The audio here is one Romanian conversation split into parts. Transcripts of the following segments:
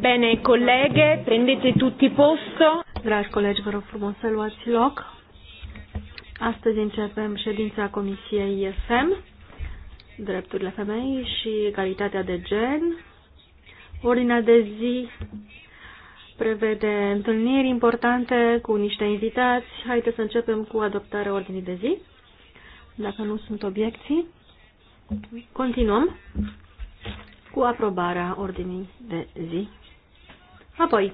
Bine, colleghe, prendete tutti posto. Dragi colegi, vă rog frumos să luați loc. Astăzi începem ședința Comisiei FEM, Drepturile Femei și Egalitatea de Gen. Ordinea de zi prevede întâlniri importante cu niște invitați. Haideți să începem cu adoptarea ordinii de zi. Dacă nu sunt obiecții, continuăm cu aprobarea ordinii de zi. Apoi,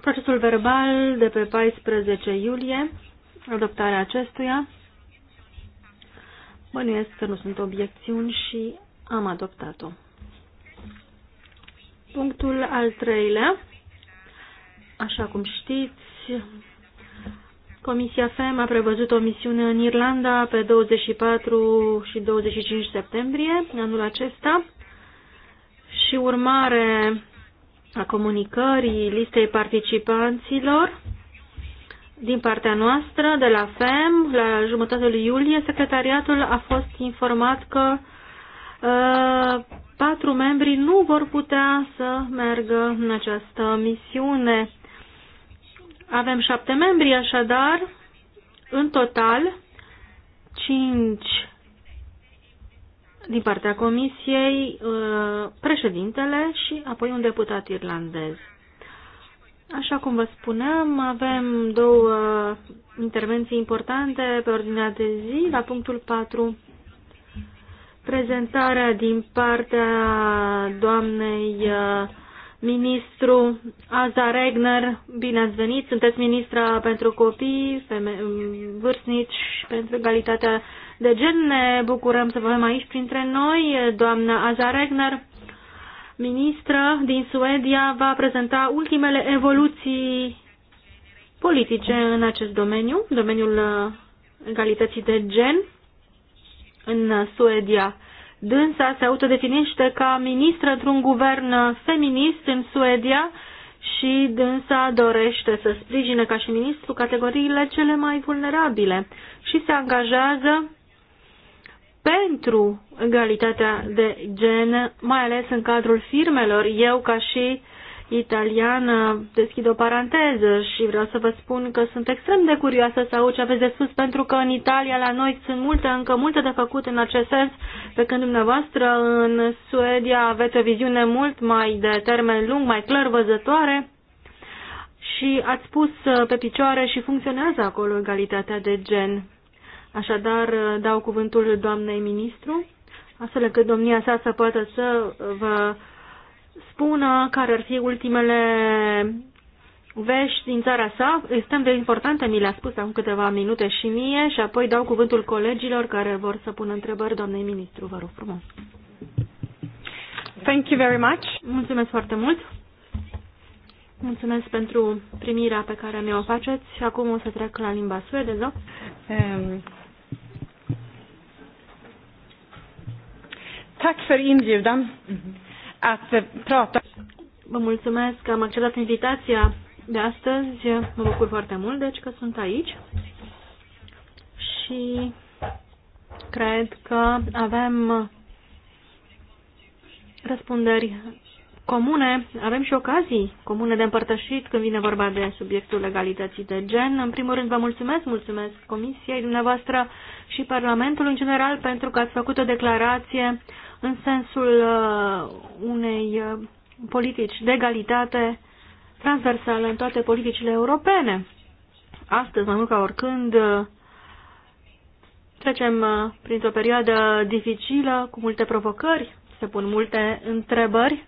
procesul verbal de pe 14 iulie, adoptarea acestuia. Bănuiesc că nu sunt obiecțiuni și am adoptat-o. Punctul al treilea. Așa cum știți, Comisia FEM a prevăzut o misiune în Irlanda pe 24 și 25 septembrie anul acesta și urmare a comunicării listei participanților din partea noastră, de la FEM, la jumătatea lui iulie, secretariatul a fost informat că uh, patru membri nu vor putea să meargă în această misiune. Avem șapte membri, așadar, în total, cinci din partea Comisiei uh, președintele și apoi un deputat irlandez. Așa cum vă spuneam, avem două intervenții importante pe ordinea de zi. La punctul 4, prezentarea din partea doamnei uh, ministru Aza Regner. Bine ați venit! Sunteți ministra pentru copii, feme- vârstnici și pentru egalitatea de gen ne bucurăm să vă avem aici printre noi. Doamna Aza Regner, ministră din Suedia, va prezenta ultimele evoluții politice în acest domeniu, domeniul uh, egalității de gen în Suedia. Dânsa se autodefinește ca ministră într-un guvern feminist în Suedia și dânsa dorește să sprijine ca și ministru categoriile cele mai vulnerabile și se angajează pentru egalitatea de gen, mai ales în cadrul firmelor. Eu, ca și italiană, deschid o paranteză și vreau să vă spun că sunt extrem de curioasă să aud ce aveți de spus, pentru că în Italia, la noi, sunt multe, încă multe de făcut în acest sens, pe când dumneavoastră în Suedia aveți o viziune mult mai de termen lung, mai clar văzătoare și ați pus pe picioare și funcționează acolo egalitatea de gen. Așadar, dau cuvântul doamnei ministru, astfel încât domnia sa să poată să vă spună care ar fi ultimele vești din țara sa. Este de importantă, mi le-a spus acum câteva minute și mie și apoi dau cuvântul colegilor care vor să pună întrebări doamnei ministru. Vă rog frumos. Thank you very much. Mulțumesc foarte mult. Mulțumesc pentru primirea pe care mi-o faceți și acum o să trec la limba suedeză. Um, Tack för inbjudan att eh, prata. Vă mulțumesc că am acceptat invitația de astăzi. Mă bucur foarte mult, deci, că sunt aici. Și cred că avem răspunderi comune, avem și ocazii comune de împărtășit când vine vorba de subiectul legalității de gen. În primul rând vă mulțumesc, mulțumesc Comisiei dumneavoastră și Parlamentului în general pentru că ați făcut o declarație uh, în sensul uh, unei uh, politici de egalitate transversală în toate politicile europene. Astăzi, mai mult ca oricând, uh, trecem printr-o perioadă dificilă, cu multe provocări, se pun multe întrebări,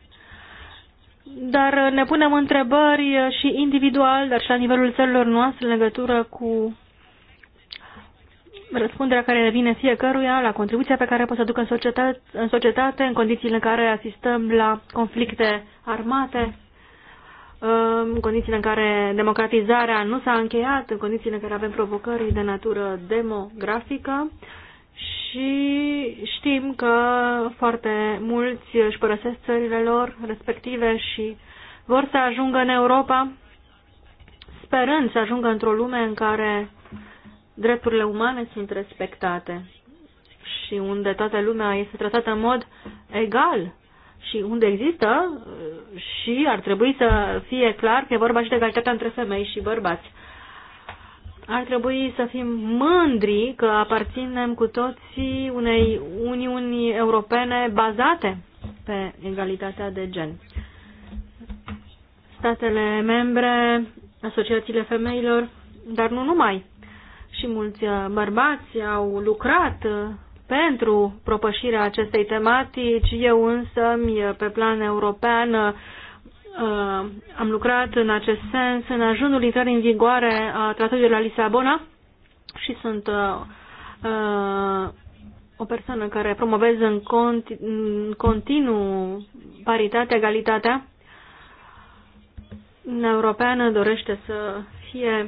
dar ne punem întrebări și individual, dar și la nivelul țărilor noastre în legătură cu răspunderea care vine fiecăruia, la contribuția pe care pot să ducă în societate, în societate, în condițiile în care asistăm la conflicte armate, um, în condițiile în care democratizarea nu s-a încheiat, în condițiile în care avem provocări de natură demografică și știm că foarte mulți își părăsesc țările lor respective și vor să ajungă în Europa, sperând să ajungă într-o lume în care drepturile umane sunt respectate și unde toată lumea este tratată în mod egal și unde există uh, și ar trebui să fie clar că e vorba și de egalitatea între femei și bărbați. Ar trebui să fim mândri că aparținem cu toții unei uniuni europene bazate pe egalitatea de gen. Statele membre, asociațiile femeilor, dar nu numai și mulți uh, bărbați au lucrat uh, pentru propășirea acestei tematici. Eu însă, uh, pe plan european, am lucrat în acest sens în ajunul intrării în vigoare a tratatului de la Lisabona și sunt o persoană care promovez în, în continuu paritatea, egalitatea. Uniunea Europeană dorește să fie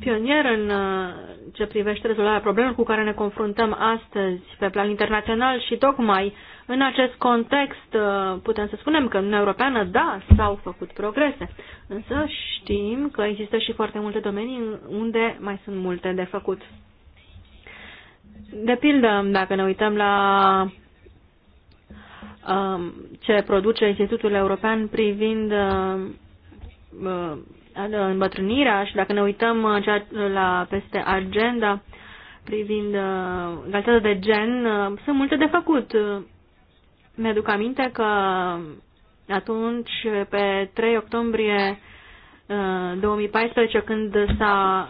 pionier în uh, ce privește rezolvarea problemelor cu care ne confruntăm astăzi pe plan internațional și tocmai în acest context uh, putem să spunem că în Europeană, da, s-au făcut progrese, însă știm că există și foarte multe domenii unde mai sunt multe de făcut. De pildă, dacă ne uităm la um, ce produce Institutul European privind uh, îmbătrânirea și dacă ne uităm uh, uh, la peste agenda privind uh, egalitatea de gen, sunt multe de făcut. Mi-aduc aminte că atunci, pe 3 octombrie 2014, când s-a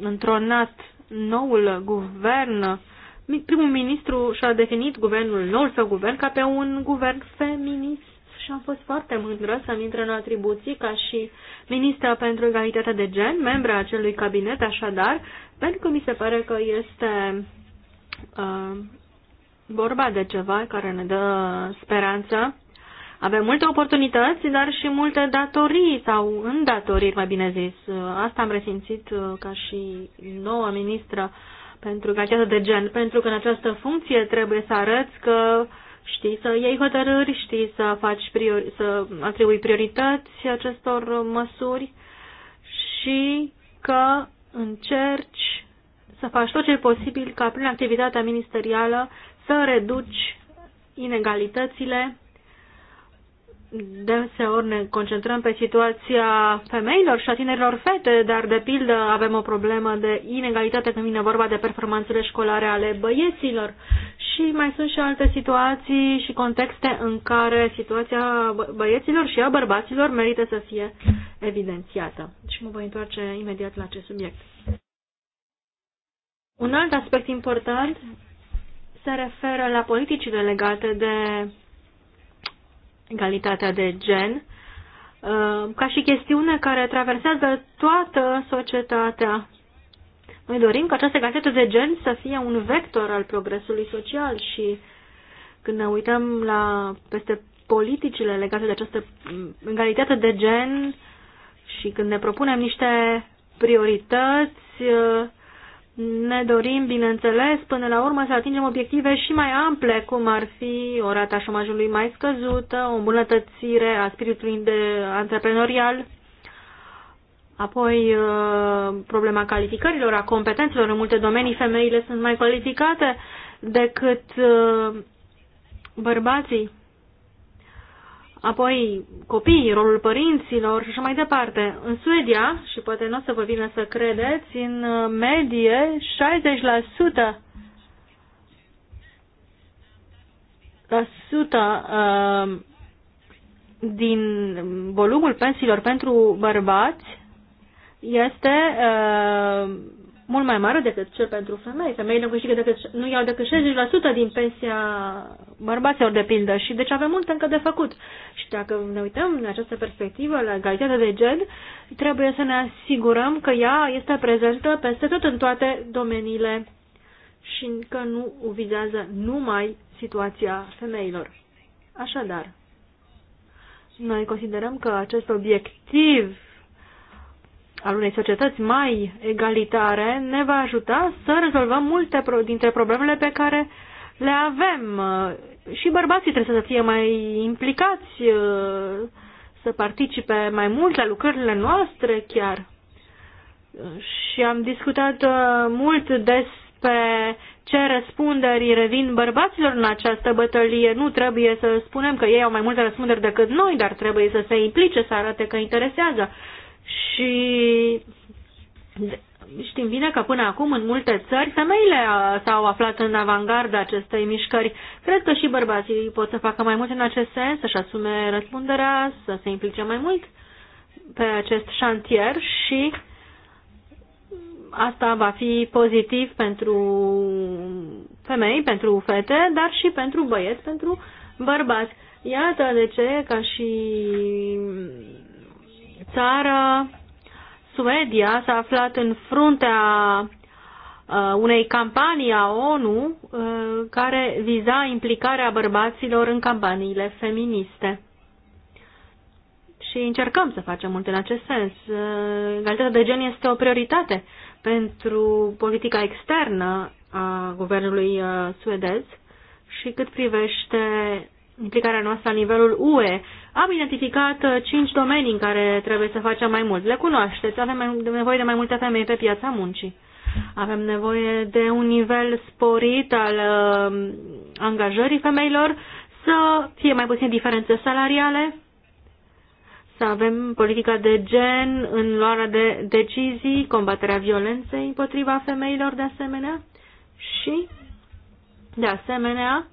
întronat noul guvern, primul ministru și-a definit guvernul, noul său guvern, ca pe un guvern feminist și am fost foarte mândră să-mi intre în atribuții ca și ministra pentru egalitatea de gen, membra acelui cabinet, așadar, pentru că mi se pare că este uh, vorba de ceva care ne dă speranță. Avem multe oportunități, dar și multe datorii sau îndatoriri, mai bine zis. Asta am resimțit uh, ca și noua ministră pentru egalitatea de gen, pentru că în această funcție trebuie să arăți că uh, știi să iei hotărâri, știi să faci priori, să atribui priorități acestor măsuri și că încerci să faci tot ce e posibil ca prin activitatea ministerială să reduci inegalitățile deseori ne concentrăm pe situația femeilor și a tinerilor fete, dar de pildă avem o problemă de inegalitate când vine vorba de performanțele școlare ale băieților. Și mai sunt și alte situații și contexte în care situația băieților și a bărbaților merită să fie evidențiată. Și mă voi întoarce imediat la acest subiect. Un alt aspect important se referă la politicile legate de egalitatea de gen, uh, ca și chestiune care traversează toată societatea. Noi dorim ca această egalitate de gen să fie un vector al progresului social și când ne uităm la peste politicile legate de această egalitate de gen și când ne propunem niște priorități, uh, ne dorim, bineînțeles, până la urmă să atingem obiective și mai ample, cum ar fi o rata șomajului mai scăzută, o îmbunătățire a spiritului de antreprenorial, apoi uh, problema calificărilor, a competențelor. În multe domenii femeile sunt mai calificate decât uh, bărbații apoi copiii, rolul părinților și așa mai departe. În Suedia, și poate nu o să vă vină să credeți, în uh, medie 60% la sută uh, din volumul pensiilor pentru bărbați este uh, mult mai mare decât cel pentru femei. Femeile nu, câștigă decât, nu iau decât 60% din pensia bărbaților, de pildă, și deci avem mult încă de făcut. Și dacă ne uităm în această perspectivă la egalitatea de gen, trebuie să ne asigurăm că ea este prezentă peste tot în toate domeniile și că nu vizează numai situația femeilor. Așadar, noi considerăm că acest obiectiv al unei societăți mai egalitare ne va ajuta să rezolvăm multe dintre problemele pe care le avem. Și bărbații trebuie să fie mai implicați, să participe mai mult la lucrările noastre chiar. Și am discutat uh, mult despre ce răspunderi revin bărbaților în această bătălie. Nu trebuie să spunem că ei au mai multe răspunderi decât noi, dar trebuie să se implice, să arate că interesează și știm bine că până acum în multe țări femeile s-au aflat în avangarda acestei mișcări. Cred că și bărbații pot să facă mai mult în acest sens, să-și asume răspunderea, să se implice mai mult pe acest șantier și asta va fi pozitiv pentru femei, pentru fete, dar și pentru băieți, pentru bărbați. Iată de ce, ca și țară, Suedia s-a aflat în fruntea uh, unei campanii a ONU uh, care viza implicarea bărbaților în campaniile feministe. Și încercăm să facem multe în acest sens. Uh, egalitatea de gen este o prioritate pentru politica externă a guvernului suedez și cât privește implicarea noastră la nivelul UE. Am identificat uh, cinci domenii în care trebuie să facem mai mult. Le cunoașteți, avem nevoie de mai multe femei pe piața muncii. Avem nevoie de un nivel sporit al uh, angajării femeilor, să fie mai puține diferențe salariale, să avem politica de gen în luarea de decizii, combaterea violenței împotriva femeilor de asemenea și, de asemenea,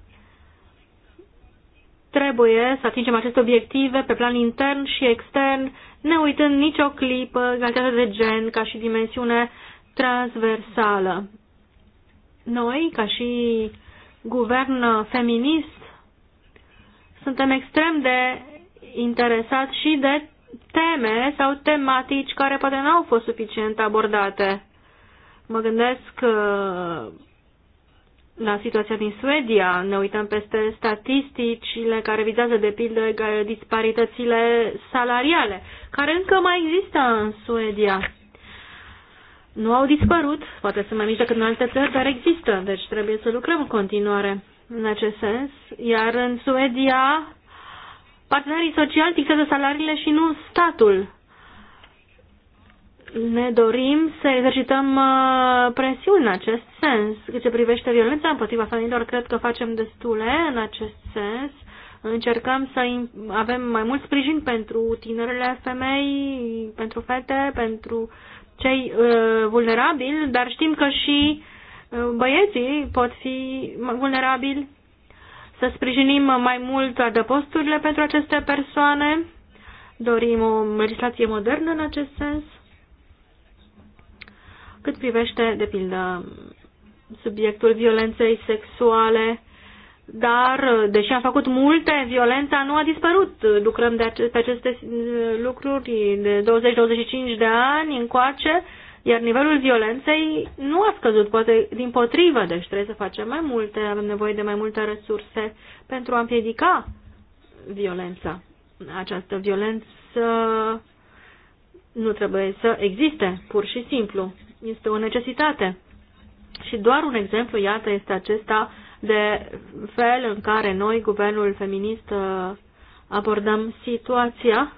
Trebuie să atingem aceste obiective pe plan intern și extern, ne uitând nicio clipă egalitate de gen ca și dimensiune transversală. Noi, ca și guvern feminist, suntem extrem de interesați și de teme sau tematici care poate n-au fost suficient abordate. Mă gândesc că uh, la situația din Suedia, ne uităm peste statisticile care vizează de pildă disparitățile salariale, care încă mai există în Suedia. Nu au dispărut, poate sunt mai mici decât în alte țări, dar există, deci trebuie să lucrăm în continuare în acest sens. Iar în Suedia, partenerii sociali fixează salariile și nu statul ne dorim să exercităm uh, presiuni în acest sens. Cât se privește violența împotriva femeilor, cred că facem destule în acest sens. Încercăm să avem mai mult sprijin pentru tinerele femei, pentru fete, pentru cei uh, vulnerabili, dar știm că și uh, băieții pot fi vulnerabili. Să sprijinim mai mult adăposturile pentru aceste persoane. Dorim o legislație modernă în acest sens cât privește, de pildă, subiectul violenței sexuale, dar, deși am făcut multe, violența nu a dispărut. Lucrăm de ace- pe aceste uh, lucruri de 20-25 de ani încoace, iar nivelul violenței nu a scăzut, poate din potrivă, deci trebuie să facem mai multe, avem nevoie de mai multe resurse pentru a împiedica violența. Această violență nu trebuie să existe, pur și simplu este o necesitate. Și doar un exemplu, iată, este acesta de fel în care noi, guvernul feminist, abordăm situația.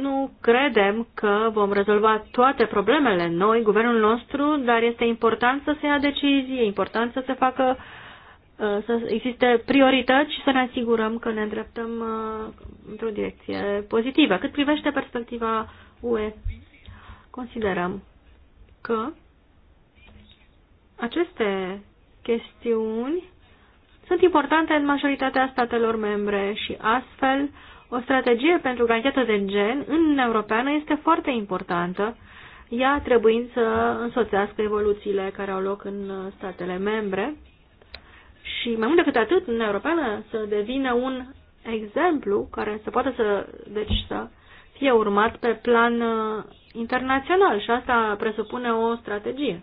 Nu credem că vom rezolva toate problemele noi, guvernul nostru, dar este important să se ia decizii, e important să se facă, să existe priorități și să ne asigurăm că ne îndreptăm uh, într-o direcție pozitivă. Cât privește perspectiva UE considerăm că aceste chestiuni sunt importante în majoritatea statelor membre și astfel o strategie pentru egalitatea de gen în Uniunea Europeană este foarte importantă, ea trebuind să însoțească evoluțiile care au loc în statele membre și mai mult decât atât, Uniunea Europeană să devină un exemplu care să poată să, deci, să fie urmat pe plan internațional și asta presupune o strategie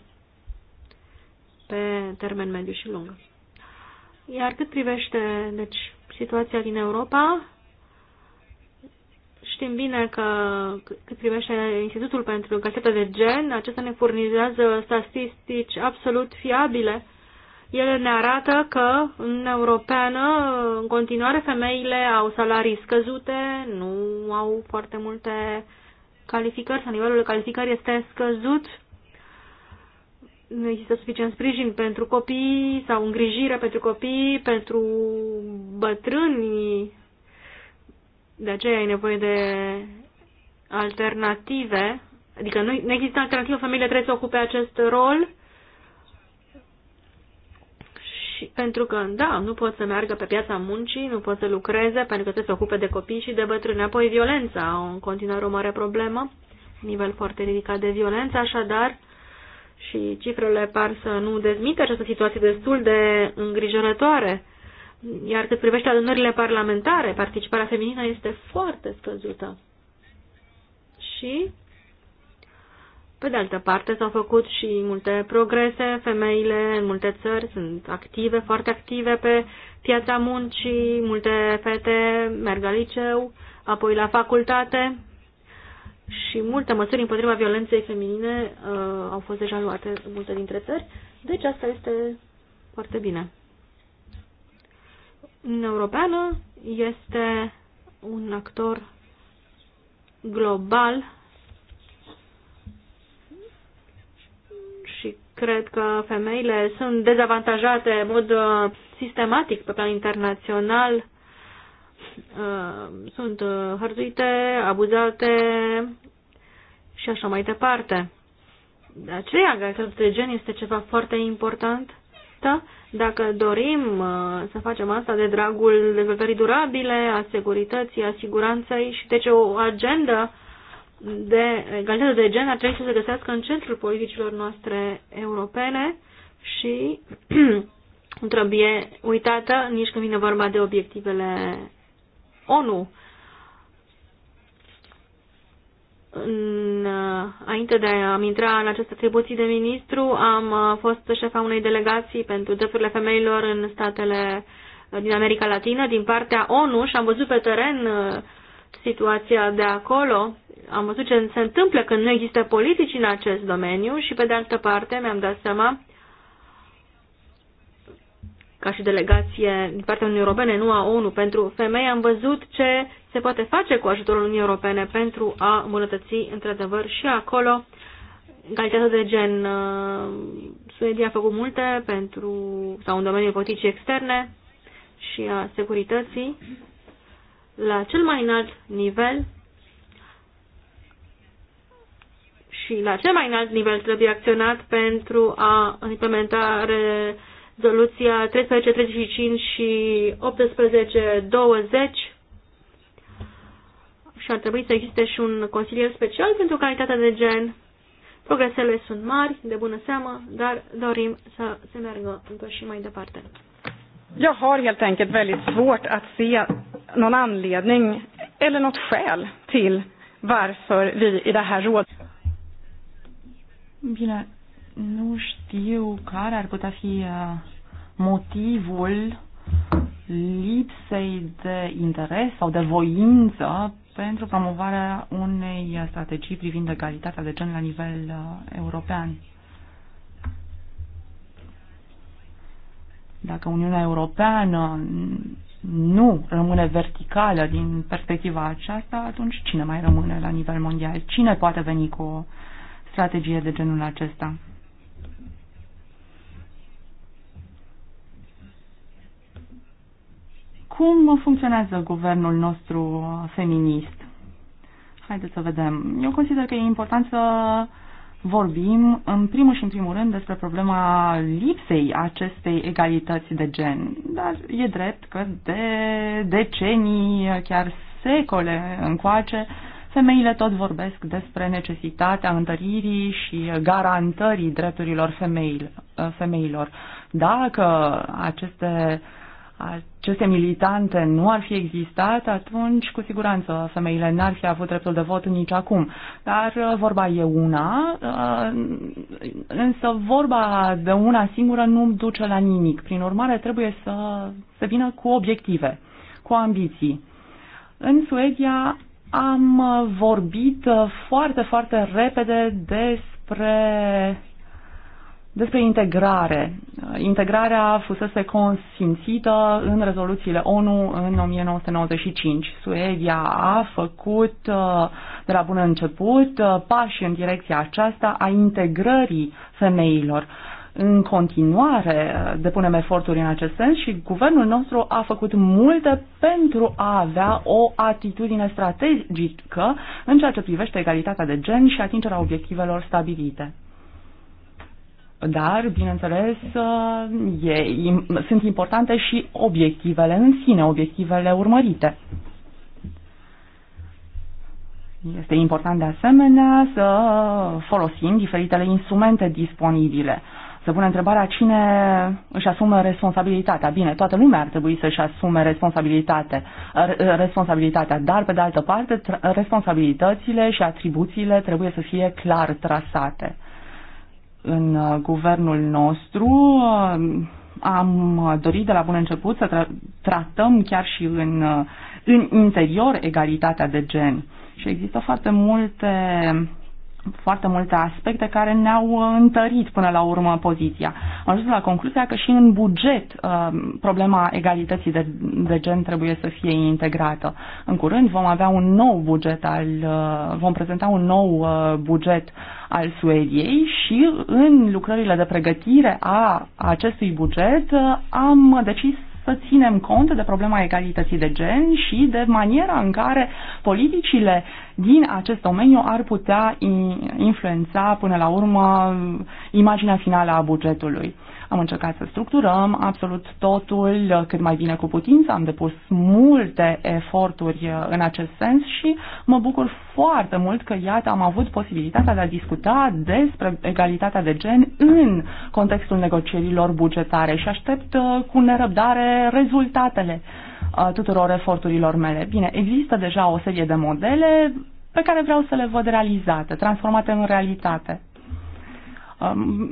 pe termen mediu și lung. Iar cât privește deci, situația din Europa, știm bine că cât privește Institutul pentru gazeta de Gen, acesta ne furnizează statistici absolut fiabile. Ele ne arată că în europeană, în continuare, femeile au salarii scăzute, nu au foarte multe uh, calificări sau nivelul de calificări este scăzut, nu există suficient sprijin pentru copii sau îngrijire pentru copii, pentru bătrâni. De aceea ai nevoie de alternative, adică nu, nu există alternativă, familia trebuie să ocupe acest rol și pentru că, da, nu pot să meargă pe piața muncii, nu pot să lucreze pentru că trebuie să se ocupe de copii și de bătrâni. Apoi violența, în continuare o mare problemă, nivel foarte ridicat de violență, așadar, și cifrele par să nu dezmită această situație destul de îngrijorătoare. Iar cât privește adunările parlamentare, participarea feminină este foarte scăzută. Și pe de altă parte, s-au făcut și multe progrese. Femeile în multe țări sunt active, foarte active pe piața muncii. Multe fete merg la liceu, apoi la facultate și multe măsuri împotriva violenței feminine uh, au fost deja luate în multe dintre țări. Deci asta este foarte bine. În Europeană este un actor global Cred că femeile sunt dezavantajate în mod uh, sistematic pe plan internațional, uh, sunt uh, hărțuite, abuzate și așa mai departe. De aceea, egalitatea de gen este ceva foarte important. Da? Dacă dorim să facem asta de dragul dezvoltării durabile, a securității, a siguranței și deci o agendă de egalitate de gen ar trebui să se găsească în centrul politicilor noastre europene și nu trebuie uitată nici când vine vorba de obiectivele ONU. înainte de a intra în această atribuții de ministru, am uh, fost șefa unei delegații pentru drepturile femeilor în statele uh, din America Latină, din partea ONU și am văzut pe teren uh, situația de acolo. Am văzut ce se întâmplă când nu există politici în acest domeniu și, pe de altă parte, mi-am dat seama ca și delegație din partea Uniunii Europene, nu a ONU, pentru femei, am văzut ce se poate face cu ajutorul Uniunii Europene pentru a îmbunătăți, într-adevăr, și acolo egalitatea de gen. Uh, Suedia a făcut multe pentru, sau în domeniul politicii externe și a securității la cel mai înalt nivel și la cel mai înalt nivel trebuie acționat pentru a implementa rezoluția 1335 și 1820 și ar trebui să existe și un consilier special pentru calitatea de gen. Progresele sunt mari, de bună seamă, dar dorim să se meargă încă și mai departe. Jag har helt enkelt väldigt svårt att se någon anledning eller något skäl till varför vi i det här rådet... Bine, nu știu care ar putea fi uh, motivul lipsei de interes sau de voință pentru promovarea unei strategii privind egalitatea de gen la nivel uh, european. Dacă Uniunea Europeană nu rămâne verticală din perspectiva aceasta, atunci cine mai rămâne la nivel mondial? Cine poate veni cu o strategie de genul acesta? Cum funcționează guvernul nostru feminist? Haideți să vedem. Eu consider că e important să vorbim în primul și în primul rând despre problema lipsei acestei egalități de gen. Dar e drept că de decenii, chiar secole încoace, femeile tot vorbesc despre necesitatea întăririi și garantării drepturilor femeilor. Dacă aceste uh, aceste militante nu ar fi existat, atunci cu siguranță femeile n-ar fi avut dreptul de vot nici acum. Dar uh, vorba e una, uh, însă vorba de una singură nu duce la nimic. Prin urmare, trebuie să, să vină cu obiective, cu ambiții. În Suedia am vorbit foarte, foarte repede despre despre integrare. Integrarea fusese consimțită în rezoluțiile ONU în 1995. Suedia a făcut de la bun început pași în direcția aceasta a integrării femeilor. În continuare depunem eforturi în acest sens și guvernul nostru a făcut multe pentru a avea o atitudine strategică în ceea ce privește egalitatea de gen și atingerea obiectivelor stabilite. Dar, bineînțeles, uh, e, sunt importante și obiectivele în sine, obiectivele urmărite. Este important de asemenea să folosim diferitele instrumente disponibile. Să pune întrebarea cine își asumă responsabilitatea. Bine, toată lumea ar trebui să-și asume responsabilitate, responsabilitatea, dar pe de altă parte responsabilitățile și atribuțiile trebuie să fie clar trasate în uh, guvernul nostru uh, am dorit de la bun început să tra- tratăm chiar și în, uh, în interior egalitatea de gen. Și există foarte multe foarte multe aspecte care ne-au uh, întărit până la urmă poziția. Am ajuns la concluzia că și în buget uh, problema egalității de, de gen trebuie să fie integrată. În curând vom avea un nou buget al, uh, vom prezenta un nou buget al Suediei și în lucrările de pregătire a acestui buget am decis să ținem cont de problema egalității de gen și de maniera în care politicile din acest domeniu ar putea influența până la urmă imaginea finală a bugetului. Am încercat să structurăm absolut totul cât mai bine cu putință, am depus multe eforturi uh, în acest sens și mă bucur foarte mult că, iată, am avut posibilitatea de a discuta despre egalitatea de gen în contextul negocierilor bugetare și aștept uh, cu nerăbdare rezultatele uh, tuturor eforturilor mele. Bine, există deja o serie de modele pe care vreau să le văd realizate, transformate în realitate. Um,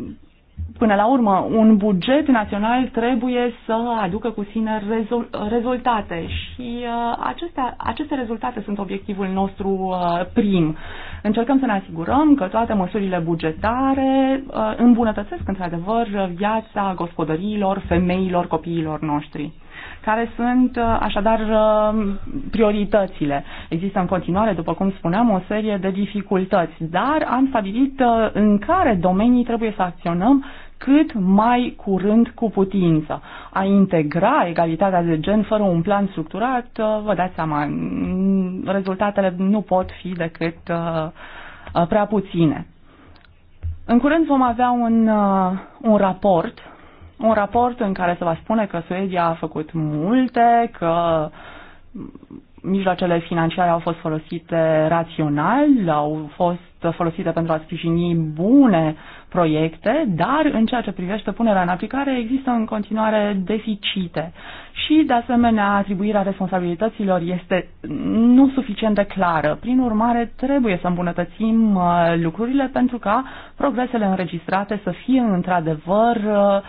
Până la urmă, un buget național trebuie să aducă cu sine rezol- rezultate și uh, acestea, aceste rezultate sunt obiectivul nostru uh, prim. Încercăm să ne asigurăm că toate măsurile bugetare uh, îmbunătățesc într-adevăr viața gospodăriilor, femeilor, copiilor noștri. Care sunt uh, așadar uh, prioritățile? Există în continuare, după cum spuneam, o serie de dificultăți, dar am stabilit uh, în care domenii trebuie să acționăm cât mai curând cu putință. A integra egalitatea de gen fără un plan structurat, vă dați seama, rezultatele nu pot fi decât prea puține. În curând vom avea un, un raport un raport în care se va spune că Suedia a făcut multe, că mijloacele financiare au fost folosite rațional, au fost folosite pentru a sprijini bune proiecte, dar în ceea ce privește punerea în aplicare există în continuare deficite. Și, de asemenea, atribuirea responsabilităților este nu suficient de clară. Prin urmare, trebuie să îmbunătățim uh, lucrurile pentru ca progresele înregistrate să fie într-adevăr uh,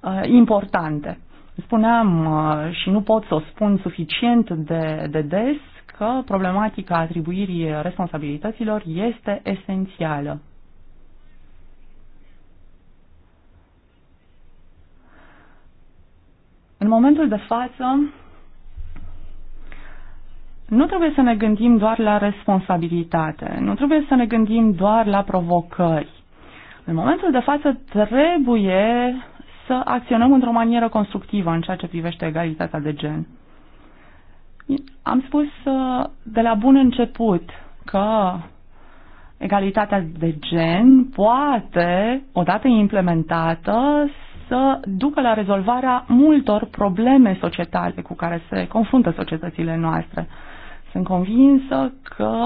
Uh, importante. Spuneam uh, și nu pot să o spun suficient de, de des că problematica atribuirii responsabilităților este esențială. În momentul de față, nu trebuie să ne gândim doar la responsabilitate, nu trebuie să ne gândim doar la provocări. În momentul de față trebuie să acționăm într-o manieră constructivă în ceea ce privește egalitatea de gen. Am spus uh, de la bun început că egalitatea de gen poate, odată implementată, să ducă la rezolvarea multor probleme societale cu care se confruntă societățile noastre. Sunt convinsă că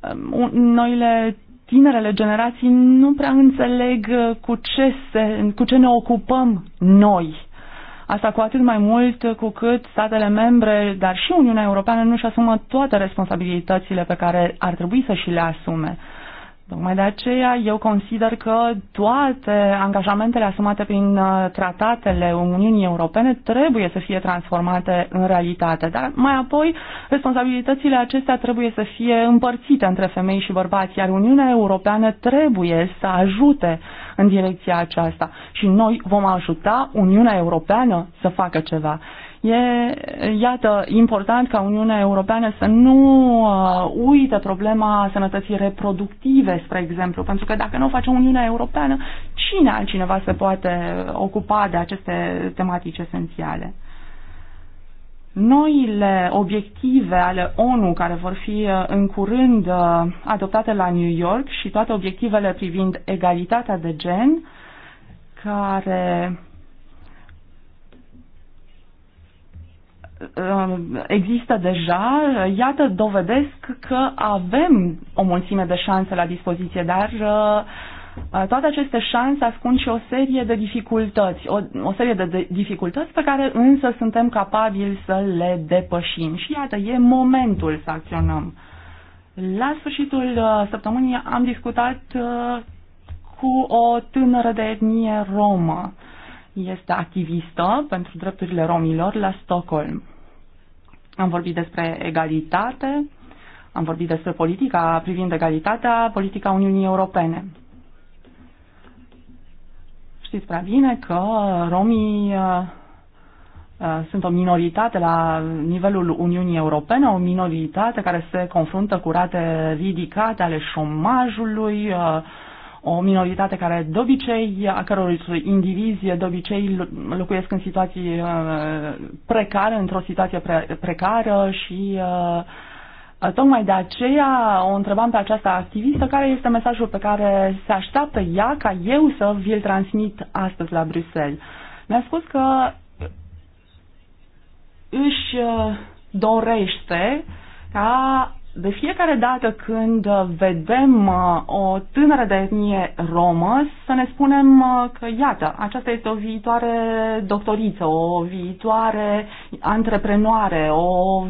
um, noile tinerele generații nu prea înțeleg uh, cu ce, se, cu ce ne ocupăm noi. Asta cu atât mai mult cu cât statele membre, dar și Uniunea Europeană nu-și asumă toate responsabilitățile pe care ar trebui să și le asume. Tocmai de aceea eu consider că toate angajamentele asumate prin uh, tratatele Uniunii Europene trebuie să fie transformate în realitate, dar mai apoi responsabilitățile acestea trebuie să fie împărțite între femei și bărbați, iar Uniunea Europeană trebuie să ajute în direcția aceasta și noi vom ajuta Uniunea Europeană să facă ceva. E, iată, important ca Uniunea Europeană să nu uh, uite problema sănătății reproductive, spre exemplu, pentru că dacă nu o face Uniunea Europeană, cine altcineva se poate ocupa de aceste tematici esențiale? Noile obiective ale ONU care vor fi uh, în curând uh, adoptate la New York și toate obiectivele privind egalitatea de gen, care Um, există deja, iată, dovedesc că avem o mulțime de șanse la dispoziție, dar uh, uh, toate aceste șanse ascund și o serie de dificultăți, o, o serie de, de dificultăți pe care însă suntem capabili să le depășim. Și iată, e momentul să acționăm. La sfârșitul uh, săptămânii am discutat cu o tânără de etnie romă. Uh, este activistă pentru drepturile romilor la Stockholm. Am vorbit despre egalitate, am vorbit despre politica privind egalitatea, politica Uniunii Europene. Știți prea bine că romii uh, uh, sunt o minoritate la nivelul Uniunii Europene, o minoritate care se confruntă cu rate ridicate ale șomajului, uh, o minoritate care de obicei, a căror indivizi de obicei locuiesc în situații uh, precare, într-o situație pre- precară și uh, uh, tocmai de aceea o întrebam pe această activistă care este mesajul pe care se așteaptă ea ca eu să vi-l transmit astăzi la Bruxelles. Mi-a spus că își dorește ca de fiecare dată când uh, vedem uh, o tânără de etnie romă, să ne spunem uh, că, iată, aceasta este o viitoare doctoriță, o viitoare antreprenoare, o...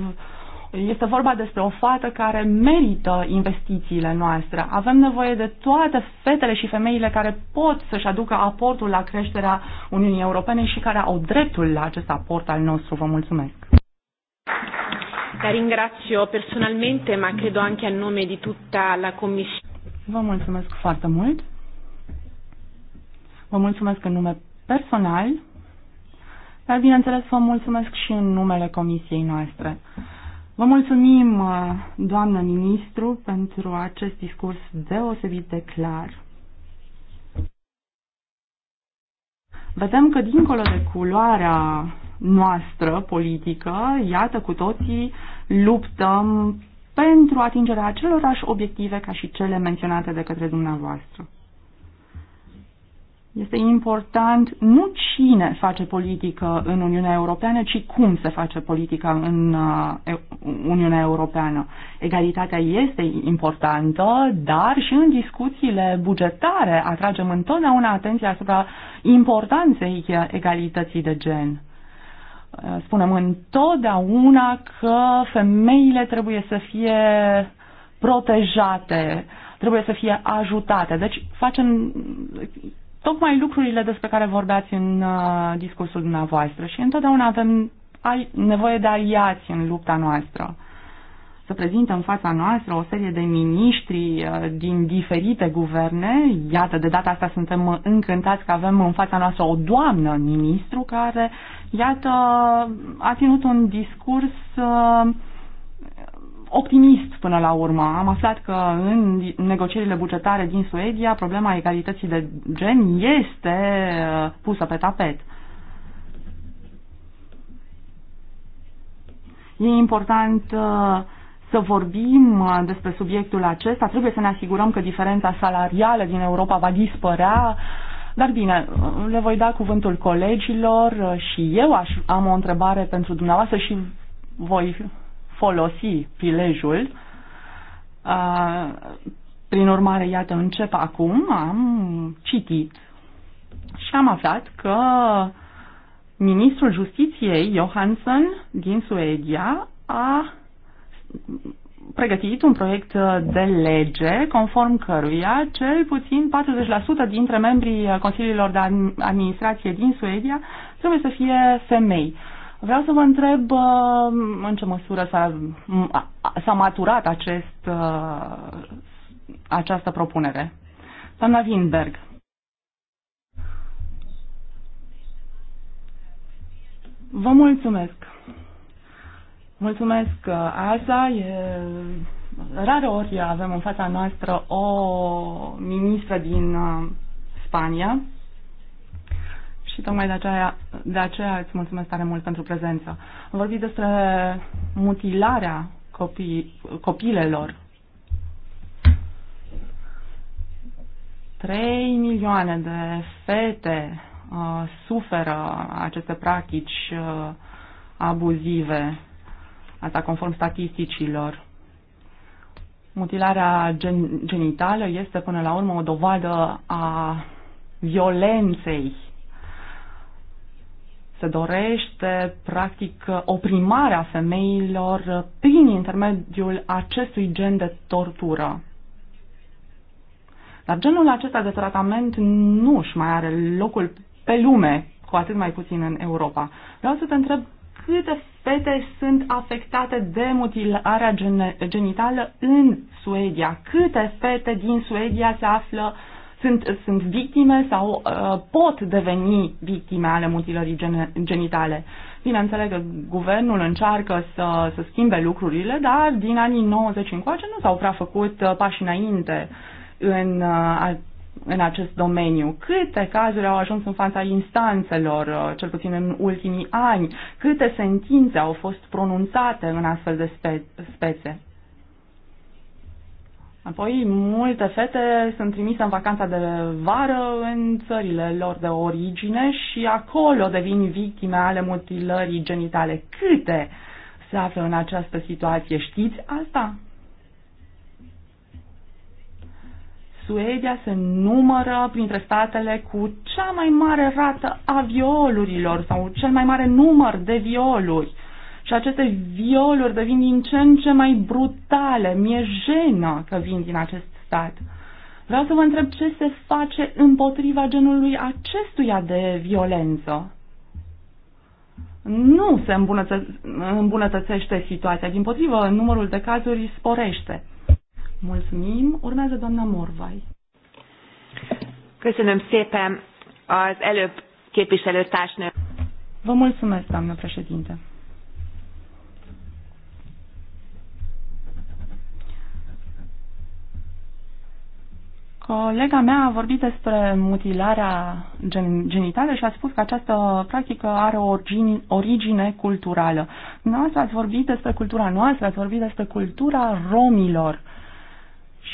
este vorba despre o fată care merită investițiile noastre. Avem nevoie de toate fetele și femeile care pot să-și aducă aportul la creșterea Uniunii Europene și care au dreptul la acest aport al nostru. Vă mulțumesc! La ringrazio personalmente, ma credo anche a nome di tutta la Commissione. Vă mulțumesc foarte mult. Vă mulțumesc în nume personal, dar bineînțeles vă mulțumesc și în numele comisiei noastre. Vă mulțumim, uh, doamnă ministru, pentru acest discurs deosebit de clar. Vedem că dincolo de culoarea noastră politică, iată cu toții luptăm pentru atingerea acelorași obiective ca și cele menționate de către dumneavoastră. Este important nu cine face politică în Uniunea Europeană, ci cum se face politica în uh, Uniunea Europeană. Egalitatea este importantă, dar și în discuțiile bugetare atragem întotdeauna atenția asupra importanței egalității de gen spunem întotdeauna că femeile trebuie să fie protejate, trebuie să fie ajutate. Deci facem tocmai lucrurile despre care vorbeați în uh, discursul dumneavoastră și întotdeauna avem nevoie de aliați în lupta noastră să prezintă în fața noastră o serie de miniștri uh, din diferite guverne. Iată, de data asta suntem încântați că avem în fața noastră o doamnă ministru care, iată, a ținut un discurs uh, optimist până la urmă. Am aflat că în negocierile bugetare din Suedia problema egalității de gen este uh, pusă pe tapet. E important uh, să vorbim uh, despre subiectul acesta. Trebuie să ne asigurăm că diferența salarială din Europa va dispărea. Dar bine, uh, le voi da cuvântul colegilor uh, și eu aș, am o întrebare pentru dumneavoastră și voi folosi prilejul. A, prin urmare, iată, încep acum, am citit și am aflat că ministrul justiției, Johansson, din Suedia, a pregătit un proiect uh, de lege conform căruia cel puțin 40% dintre membrii uh, Consiliilor de Administrație din Suedia trebuie să fie femei. Vreau să vă întreb uh, în ce măsură s-a, s-a maturat acest, această propunere. Doamna Winberg. Vă mulțumesc. Mulțumesc, uh, Aza. E... Rare ori avem în fața noastră o ministră din uh, Spania și tocmai de aceea, de aceea îți mulțumesc tare mult pentru prezență. Am vorbit despre mutilarea copii, copilelor. 3 milioane de fete uh, suferă aceste practici uh, abuzive asta conform statisticilor. Mutilarea gen- genitală este până la urmă o dovadă a violenței. Se dorește, practic, oprimarea femeilor prin intermediul acestui gen de tortură. Dar genul acesta de tratament nu își mai are locul pe lume, cu atât mai puțin în Europa. Vreau să te întreb câte fete sunt afectate de mutilarea genitală în Suedia, câte fete din Suedia se află sunt, sunt victime sau uh, pot deveni victime ale mutilării gen, genitale. Bineînțeles că guvernul încearcă să, să schimbe lucrurile, dar din anii 90 încoace nu s-au prea făcut uh, pași înainte în uh, în acest domeniu, câte cazuri au ajuns în fața instanțelor, uh, cel puțin în ultimii ani, câte sentințe au fost pronunțate în astfel de spe- spețe. Apoi, multe fete sunt trimise în vacanța de vară în țările lor de origine și acolo devin victime ale mutilării genitale. Câte se află în această situație? Știți asta? Suedia se numără printre statele cu cea mai mare rată a violurilor sau cel mai mare număr de violuri. Și aceste violuri devin din ce în ce mai brutale. Mi-e jenă că vin din acest stat. Vreau să vă întreb ce se face împotriva genului acestuia de violență. Nu se îmbunătățește situația, din potrivă, numărul de cazuri sporește. Mulțumim. Urmează doamna Morvai. Köszönöm szépen az előbb képviselőtársnő. Vă mulțumesc, doamnă președinte. Colega mea a vorbit despre mutilarea gen- genitală și a spus că această practică are o origine, origine culturală. Noastră ați vorbit despre cultura noastră, ați vorbit despre cultura romilor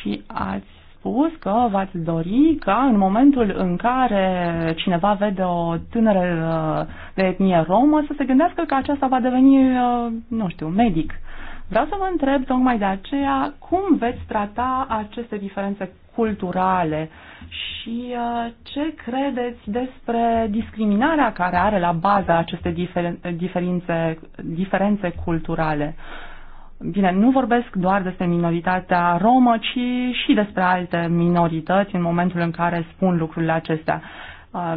și ați spus că v-ați dori ca în momentul în care cineva vede o tânără uh, de etnie romă să se gândească că aceasta va deveni, uh, nu știu, medic. Vreau să vă întreb tocmai de aceea cum veți trata aceste diferențe culturale și uh, ce credeți despre discriminarea care are la bază aceste diferențe, diferențe culturale. Bine, nu vorbesc doar despre minoritatea romă, ci și despre alte minorități în momentul în care spun lucrurile acestea. Uh,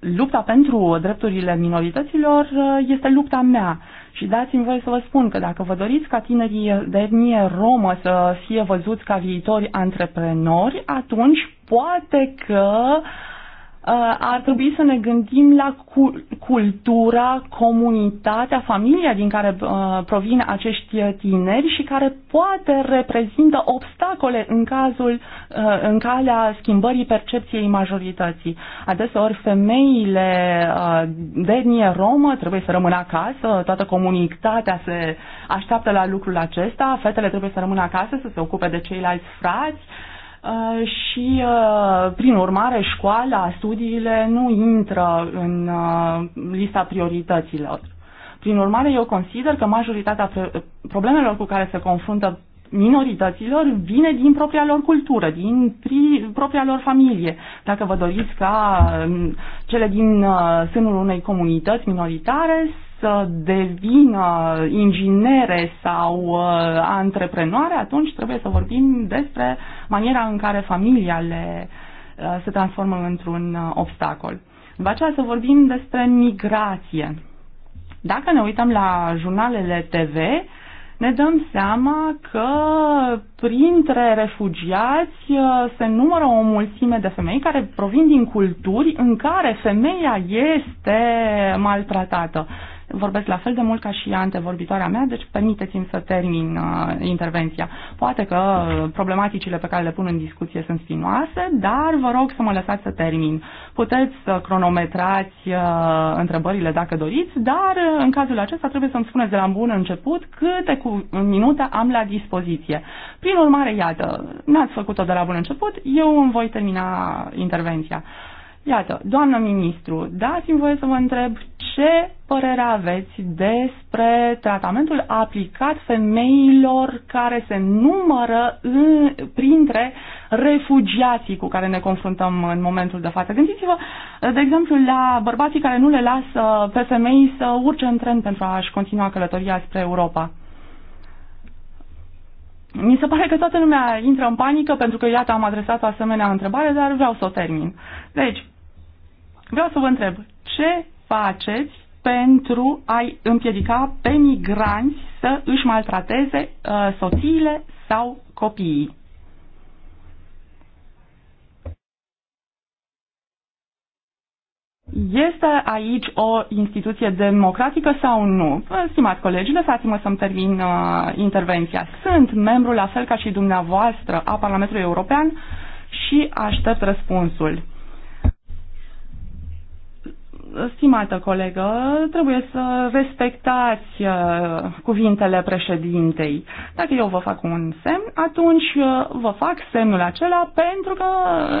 lupta pentru drepturile minorităților uh, este lupta mea și dați-mi voie să vă spun că dacă vă doriți ca tinerii de etnie romă să fie văzuți ca viitori antreprenori, atunci poate că uh, Uh, ar trebui să ne gândim la cultura, comunitatea, familia din care uh, provin acești tineri și care poate reprezintă obstacole în cazul uh, în calea schimbării percepției majorității. Adeseori femeile de etnie romă trebuie să rămână acasă, toată comunitatea se așteaptă la lucrul acesta, fetele trebuie să rămână acasă să se ocupe de ceilalți frați, Uh, și, uh, prin urmare, școala, studiile nu intră în uh, lista priorităților. Prin urmare, eu consider că majoritatea problemelor cu care se confruntă minorităților vine din propria lor cultură, din pri, propria lor familie. Dacă vă doriți ca um, cele din sânul unei comunități minoritare să devină inginere sau uh, antreprenoare, atunci trebuie să vorbim despre maniera în care familia le uh, se transformă într-un uh, obstacol. După aceea să vorbim despre migrație. Dacă ne uităm la jurnalele TV, ne dăm seama că printre refugiați se numără o mulțime de femei care provin din culturi în care femeia este maltratată vorbesc la fel de mult ca și antevorbitoarea mea, deci permiteți-mi să termin uh, intervenția. Poate că uh, problematicile pe care le pun în discuție sunt spinoase, dar vă rog să mă lăsați să termin. Puteți să cronometrați uh, întrebările dacă doriți, dar uh, în cazul acesta trebuie să-mi spuneți de la bun început câte cu minute am la dispoziție. Prin urmare, iată, n-ați făcut-o de la bun început, eu îmi voi termina intervenția. Iată, doamnă ministru, dați-mi voie să vă întreb ce părere aveți despre tratamentul aplicat femeilor care se numără în, printre refugiații cu care ne confruntăm în momentul de față? Gândiți-vă, de exemplu, la bărbații care nu le lasă pe femei să urce în tren pentru a-și continua călătoria spre Europa. Mi se pare că toată lumea intră în panică pentru că, iată, am adresat o asemenea întrebare, dar vreau să o termin. Deci, vreau să vă întreb, ce faceți pentru a-i împiedica pe migranți să își maltrateze uh, soțiile sau copiii? Este aici o instituție democratică sau nu? Stimați colegi, lăsați-mă să-mi termin uh, intervenția. Sunt membru, la fel ca și dumneavoastră, a Parlamentului European și aștept răspunsul stimată colegă, trebuie să respectați uh, cuvintele președintei. Dacă eu vă fac un semn, atunci uh, vă fac semnul acela pentru că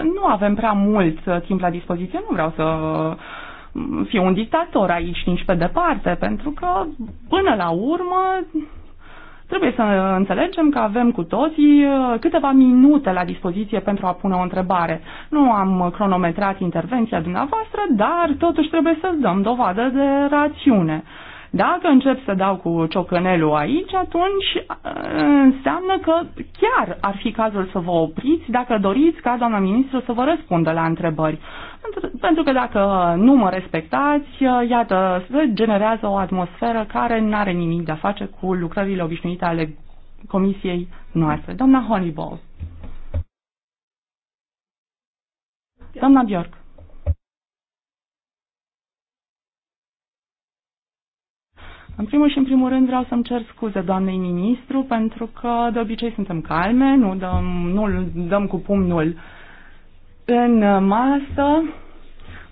nu avem prea mult uh, timp la dispoziție. Nu vreau să fiu un dictator aici nici pe departe, pentru că până la urmă Trebuie să înțelegem că avem cu toții uh, câteva minute la dispoziție pentru a pune o întrebare. Nu am cronometrat intervenția dumneavoastră, dar totuși trebuie să dăm dovadă de rațiune. Dacă încep să dau cu ciocănelul aici, atunci uh, înseamnă că chiar ar fi cazul să vă opriți dacă doriți ca doamna ministru să vă răspundă la întrebări. Pentru că dacă nu mă respectați, uh, iată, se generează o atmosferă care nu are nimic de a face cu lucrările obișnuite ale comisiei noastre. Doamna Honeyball. Doamna Bjork. În primul și în primul rând vreau să-mi cer scuze doamnei ministru pentru că de obicei suntem calme, nu dăm, nu dăm cu pumnul uh, în masă.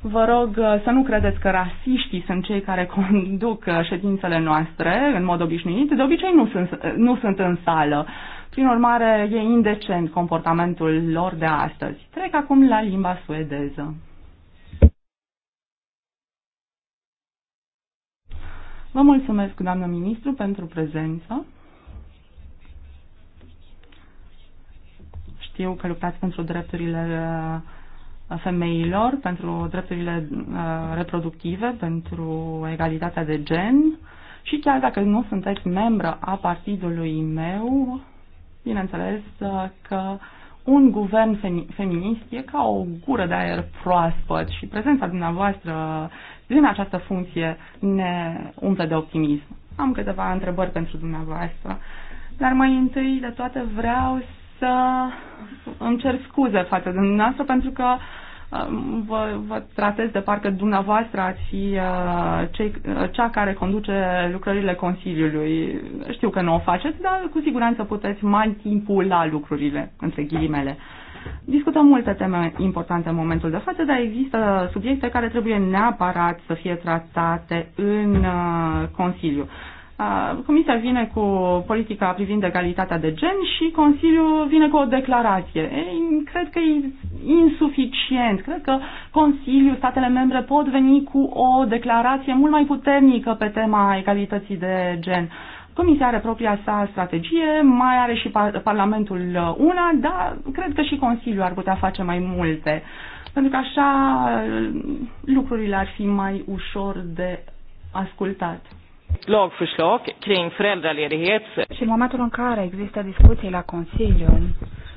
Vă rog uh, să nu credeți că rasiștii sunt cei care conduc uh, ședințele noastre în mod obișnuit. De obicei nu sunt, uh, nu sunt în sală. Prin urmare, e indecent comportamentul lor de astăzi. Trec acum la limba suedeză. Vă mulțumesc, doamnă ministru, pentru prezență. știu că luptați pentru drepturile uh, femeilor, pentru drepturile uh, reproductive, pentru egalitatea de gen și chiar dacă nu sunteți membră a partidului meu, bineînțeles uh, că un guvern feminist e ca o gură de aer proaspăt și prezența dumneavoastră din această funcție ne umple de optimism. Am câteva întrebări pentru dumneavoastră, dar mai întâi de toate vreau să îmi cer scuze față de dumneavoastră pentru că uh, vă, vă tratez de parcă dumneavoastră ați fi uh, cei, uh, cea care conduce lucrările Consiliului. Știu că nu o faceți, dar cu siguranță puteți mai timpul la lucrurile, între ghilimele. Discutăm multe teme importante în momentul de față, dar există subiecte care trebuie neapărat să fie tratate în Consiliu. Comisia vine cu politica privind egalitatea de gen și Consiliul vine cu o declarație. Ei, cred că e insuficient. Cred că Consiliul, statele membre pot veni cu o declarație mult mai puternică pe tema egalității de gen. Comisia are propria sa strategie, mai are și par- Parlamentul uh, una, dar cred că și Consiliul ar putea face mai multe. Pentru că așa uh, lucrurile ar fi mai ușor de ascultat kring Și în momentul în care există discuții la Consiliu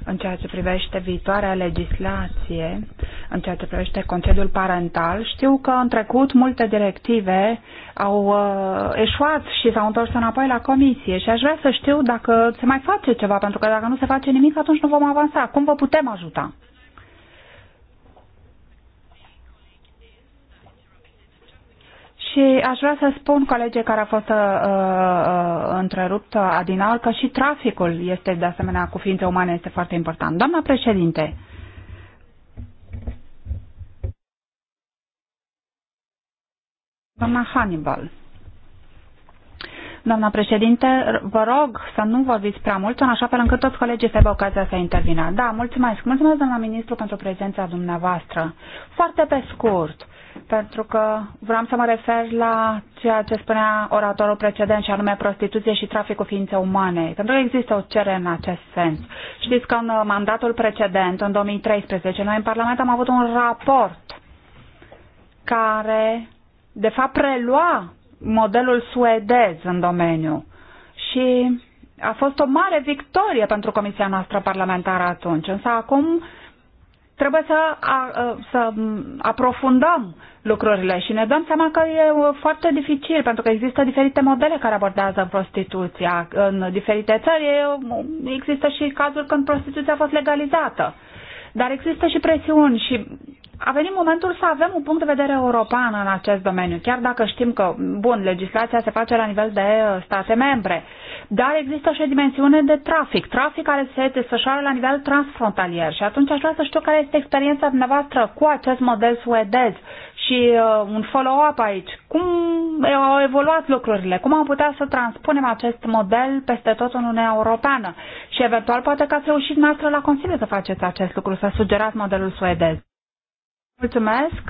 în ceea ce privește viitoarea legislație, în ceea ce privește concediul parental, știu că în trecut multe directive au uh, eșuat și s-au întors înapoi la comisie și aș vrea să știu dacă se mai face ceva, pentru că dacă nu se face nimic, atunci nu vom avansa. Cum vă putem ajuta? Și aș vrea să spun colegii care a fost uh, uh, întreruptă uh, adinal, că și traficul este de asemenea cu ființe umane este foarte important. Doamna președinte, doamna Hannibal, Doamna președinte, vă rog să nu vorbiți prea mult, în așa fel încât toți colegii să aibă ocazia să intervină. Da, mulțumesc. Mulțumesc, doamna ministru, pentru prezența dumneavoastră. Foarte pe scurt. Uh, pentru că vreau să mă refer la ceea ce spunea oratorul precedent și anume prostituție și traficul ființe umane, pentru că există o cerere în acest sens. Știți că în uh, mandatul precedent, în 2013, noi în Parlament am avut un raport care, de fapt, prelua modelul suedez în domeniu și a fost o mare victorie pentru Comisia noastră parlamentară atunci, însă acum uh, trebuie să, a, să aprofundăm lucrurile și ne dăm seama că e uh, foarte dificil, pentru că există diferite modele care abordează prostituția. În diferite țări uh, există și cazuri când prostituția a fost legalizată. Dar există și presiuni și a venit momentul să avem un punct de vedere european în acest domeniu, chiar dacă știm că, bun, legislația se face la nivel de uh, state membre, dar există și o dimensiune de trafic, trafic care se desfășoară la nivel transfrontalier și atunci aș vrea să știu care este experiența dumneavoastră cu acest model suedez și uh, un follow-up aici. Cum au evoluat lucrurile? Cum am putea să transpunem acest model peste tot în Uniunea Europeană? Și eventual poate că ați reușit noastră la Consiliu să faceți acest lucru, să sugerați modelul suedez. Mulțumesc,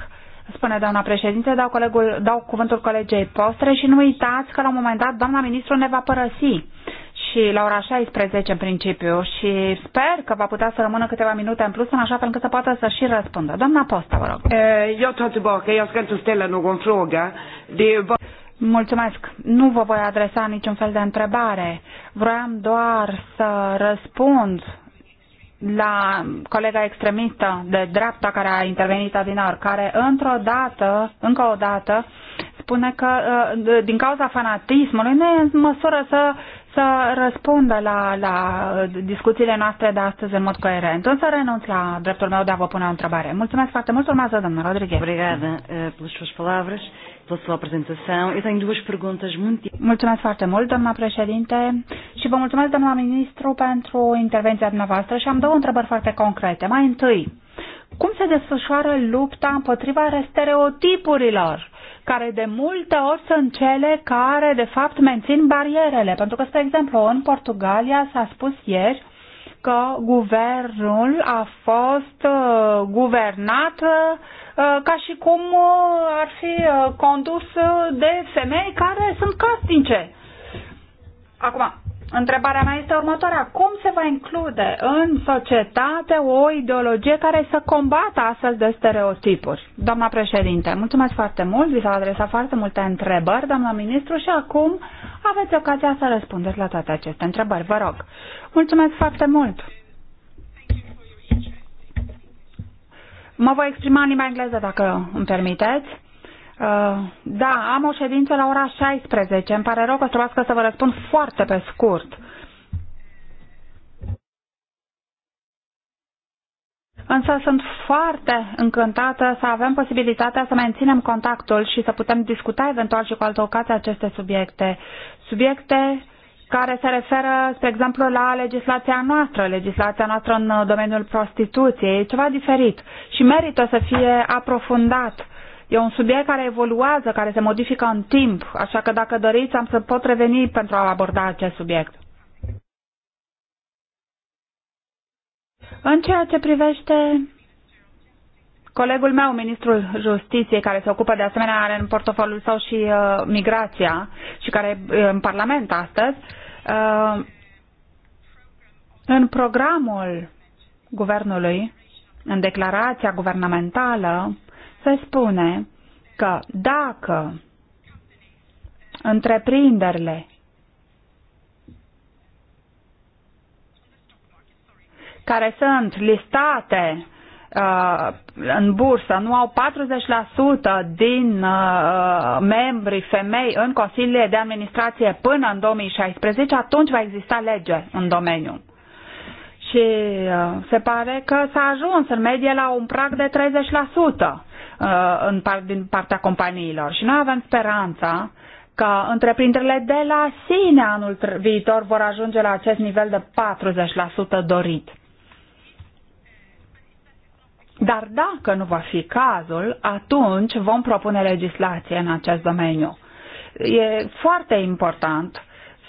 spune doamna președinte, dau, colegul, dau cuvântul colegei postre și nu uitați că la un moment dat doamna ministru ne va părăsi și la ora 16 în principiu și sper că va putea să rămână câteva minute în plus în așa fel încât să poată să și răspundă. Doamna Posta, vă rog. Eu tot tillbaka, Eu ska stelă, nu vom fråga. Mulțumesc. Nu vă voi adresa niciun fel de întrebare. Vroiam doar să răspund la colega extremistă de dreapta care a intervenit adinar, care într-o dată, încă o dată, spune că uh, din cauza fanatismului nu e în măsură să, să răspundă la, la uh, discuțiile noastre de astăzi în mod coerent. Însă renunț la dreptul meu de a vă pune o întrebare. Mulțumesc foarte mult, urmează domnul Rodriguez. Obrigada eh, pelas eu Mulțumesc foarte mult, doamna președinte, și vă mulțumesc, doamna ministru, pentru intervenția dumneavoastră și am două întrebări foarte concrete. Mai întâi, cum se desfășoară lupta împotriva stereotipurilor? care de multe ori sunt cele care, de fapt, mențin barierele. Pentru că, spre exemplu, în Portugalia s-a spus ieri că guvernul a fost uh, guvernat uh, Uh, ca și cum uh, ar fi uh, condus de femei care sunt castince. Acum, întrebarea mea este următoarea. Cum se va include în societate o ideologie care să combată astfel de stereotipuri? Doamna președinte, mulțumesc foarte mult. Vi s-au adresat foarte multe întrebări, doamna ministru, și acum aveți ocazia să răspundeți la toate aceste întrebări. Vă rog. Mulțumesc foarte mult. Mă voi exprima în limba engleză, dacă îmi permiteți. Uh, da, am o ședință la ora 16. Îmi pare rău că trebuie să vă răspund foarte pe scurt. Însă sunt foarte încântată să avem posibilitatea să menținem contactul și să putem discuta eventual și cu altă ocazie aceste subiecte. Subiecte care se referă, spre exemplu, la legislația noastră, legislația noastră în domeniul prostituției, e ceva diferit și merită să fie aprofundat. E un subiect care evoluează, care se modifică în timp, așa că dacă doriți am să pot reveni pentru a aborda acest subiect. În ceea ce privește colegul meu, ministrul justiției, care se ocupă de asemenea, are în portofoliul său și uh, migrația și care e uh, în Parlament astăzi, uh, Uh, în programul guvernului, în declarația guvernamentală, se spune că dacă întreprinderile care sunt listate Uh, în bursă, nu au 40% din uh, membrii femei în consiliile de administrație până în 2016, atunci va exista lege în domeniu. Și uh, se pare că s-a ajuns în medie la un prag de 30% în par, din partea companiilor. Și noi avem speranța că întreprinderile de la sine anul viitor vor ajunge la acest nivel de 40% dorit. Dar dacă nu va fi cazul, atunci vom propune legislație în acest domeniu. E foarte important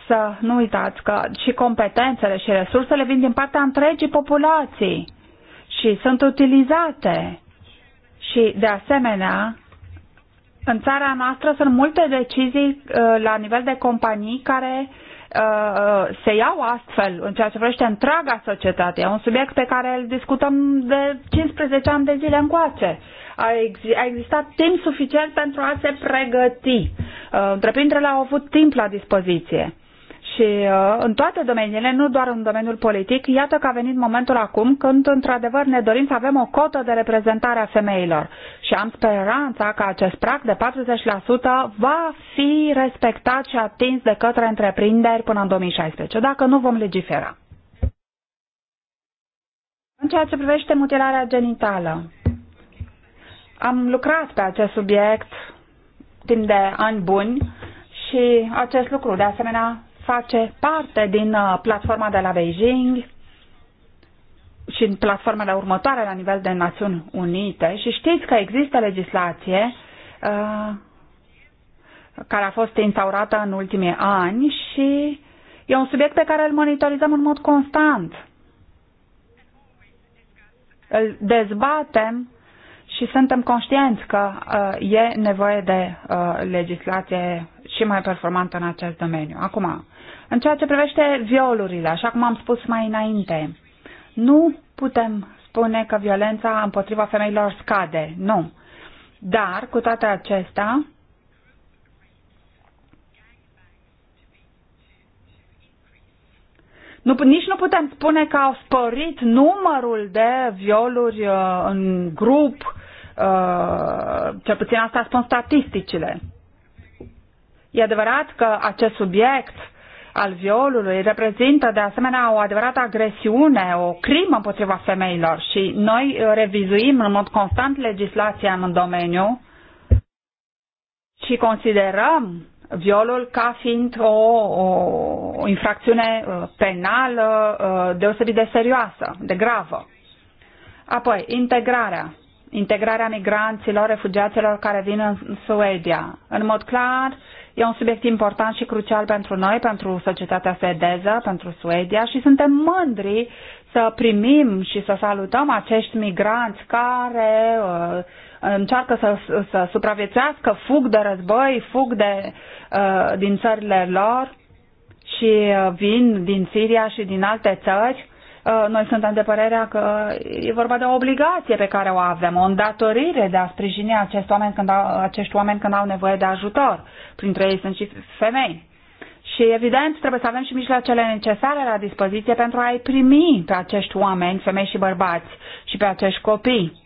să nu uitați că și competențele și resursele vin din partea întregii populații și sunt utilizate. Și, de asemenea, în țara noastră sunt multe decizii uh, la nivel de companii care uh, Uh, se iau astfel în ceea ce vrește întreaga societate. E un subiect pe care îl discutăm de 15 ani de zile încoace. A, ex- a existat timp suficient pentru a se pregăti. Uh, întreprinderile au avut timp la dispoziție și uh, în toate domeniile, nu doar în domeniul politic, iată că a venit momentul acum când într-adevăr ne dorim să avem o cotă de reprezentare a femeilor și am speranța că acest prag de 40% va fi respectat și atins de către întreprinderi până în 2016, dacă nu vom legifera. În ceea ce privește mutilarea genitală, am lucrat pe acest subiect timp de ani buni și acest lucru, de asemenea, face parte din uh, platforma de la Beijing și în platformele următoare la nivel de Națiuni Unite și știți că există legislație uh, care a fost instaurată în ultimii ani și e un subiect pe care îl monitorizăm în mod constant. Îl dezbatem și suntem conștienți că uh, e nevoie de uh, legislație și mai performantă în acest domeniu. Acum, în ceea ce privește violurile, așa cum am spus mai înainte, nu putem spune că violența împotriva femeilor scade, nu. Dar, cu toate acestea, Nu, nici nu putem spune că au spărit numărul de violuri uh, în grup, uh, cel puțin asta spun statisticile. E adevărat că acest subiect al violului reprezintă de asemenea o adevărată agresiune, o crimă împotriva femeilor și noi uh, revizuim în mod constant legislația în domeniu și considerăm violul ca fiind o, o infracțiune uh, penală uh, deosebit de serioasă, de gravă. Apoi, integrarea. Integrarea migranților, refugiaților care vin în Suedia. În mod clar, uh, E un subiect important și crucial pentru noi, pentru societatea suedeză, pentru Suedia și suntem mândri să primim și să salutăm acești migranți care uh, încearcă să, să supraviețuiască, fug de război, fug de, uh, din țările lor și uh, vin din Siria și din alte țări Uh, noi suntem de părerea că e vorba de o obligație pe care o avem, o îndatorire de a sprijini acest oameni când au, acești oameni când au nevoie de ajutor. Printre ei sunt și femei. Și evident trebuie să avem și mijloacele necesare la dispoziție pentru a-i primi pe acești oameni, femei și bărbați și pe acești copii.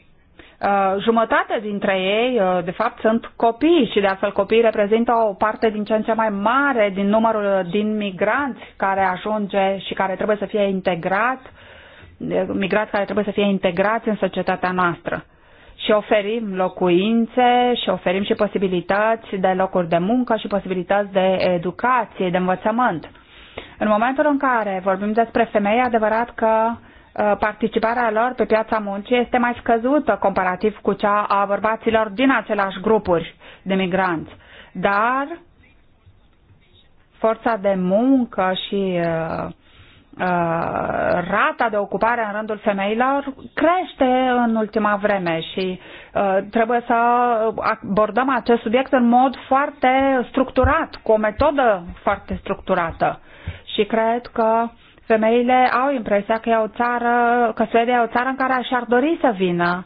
Uh, jumătate dintre ei, uh, de fapt, sunt copii și de altfel copiii reprezintă o parte din ce în ce mai mare din numărul din migranți care ajunge și care trebuie să fie integrat, uh, migrați care trebuie să fie integrați în societatea noastră. Și oferim locuințe și oferim și posibilități de locuri de muncă și posibilități de educație, de învățământ. În momentul în care vorbim despre femei, adevărat că Uh, participarea lor pe piața muncii este mai scăzută comparativ cu cea a bărbaților din același grupuri de migranți. Dar forța de muncă și uh, Uh, rata de ocupare în rândul femeilor crește în ultima vreme și uh, trebuie să abordăm acest subiect în mod foarte structurat, cu o metodă foarte structurată. Și cred că femeile au impresia că, e o țară, că Suedia e o țară în care și-ar dori să vină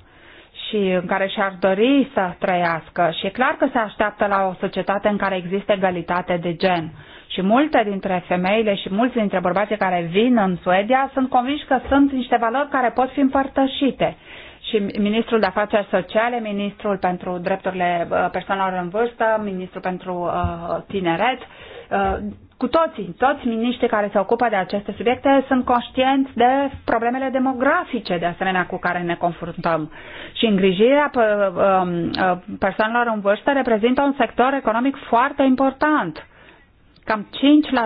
și în care și-ar dori să trăiască. Și e clar că se așteaptă la o societate în care există egalitate de gen. Și multe dintre femeile și mulți dintre bărbații care vin în Suedia sunt convinși că sunt niște valori care pot fi împărtășite. Și ministrul de afaceri sociale, ministrul pentru drepturile uh, persoanelor în vârstă, ministrul pentru uh, tineret, uh, cu toții, toți miniștrii care se ocupă de aceste subiecte sunt conștienți de problemele demografice, de asemenea, cu care ne confruntăm. Și îngrijirea um, uh, persoanelor în vârstă reprezintă un sector economic foarte important cam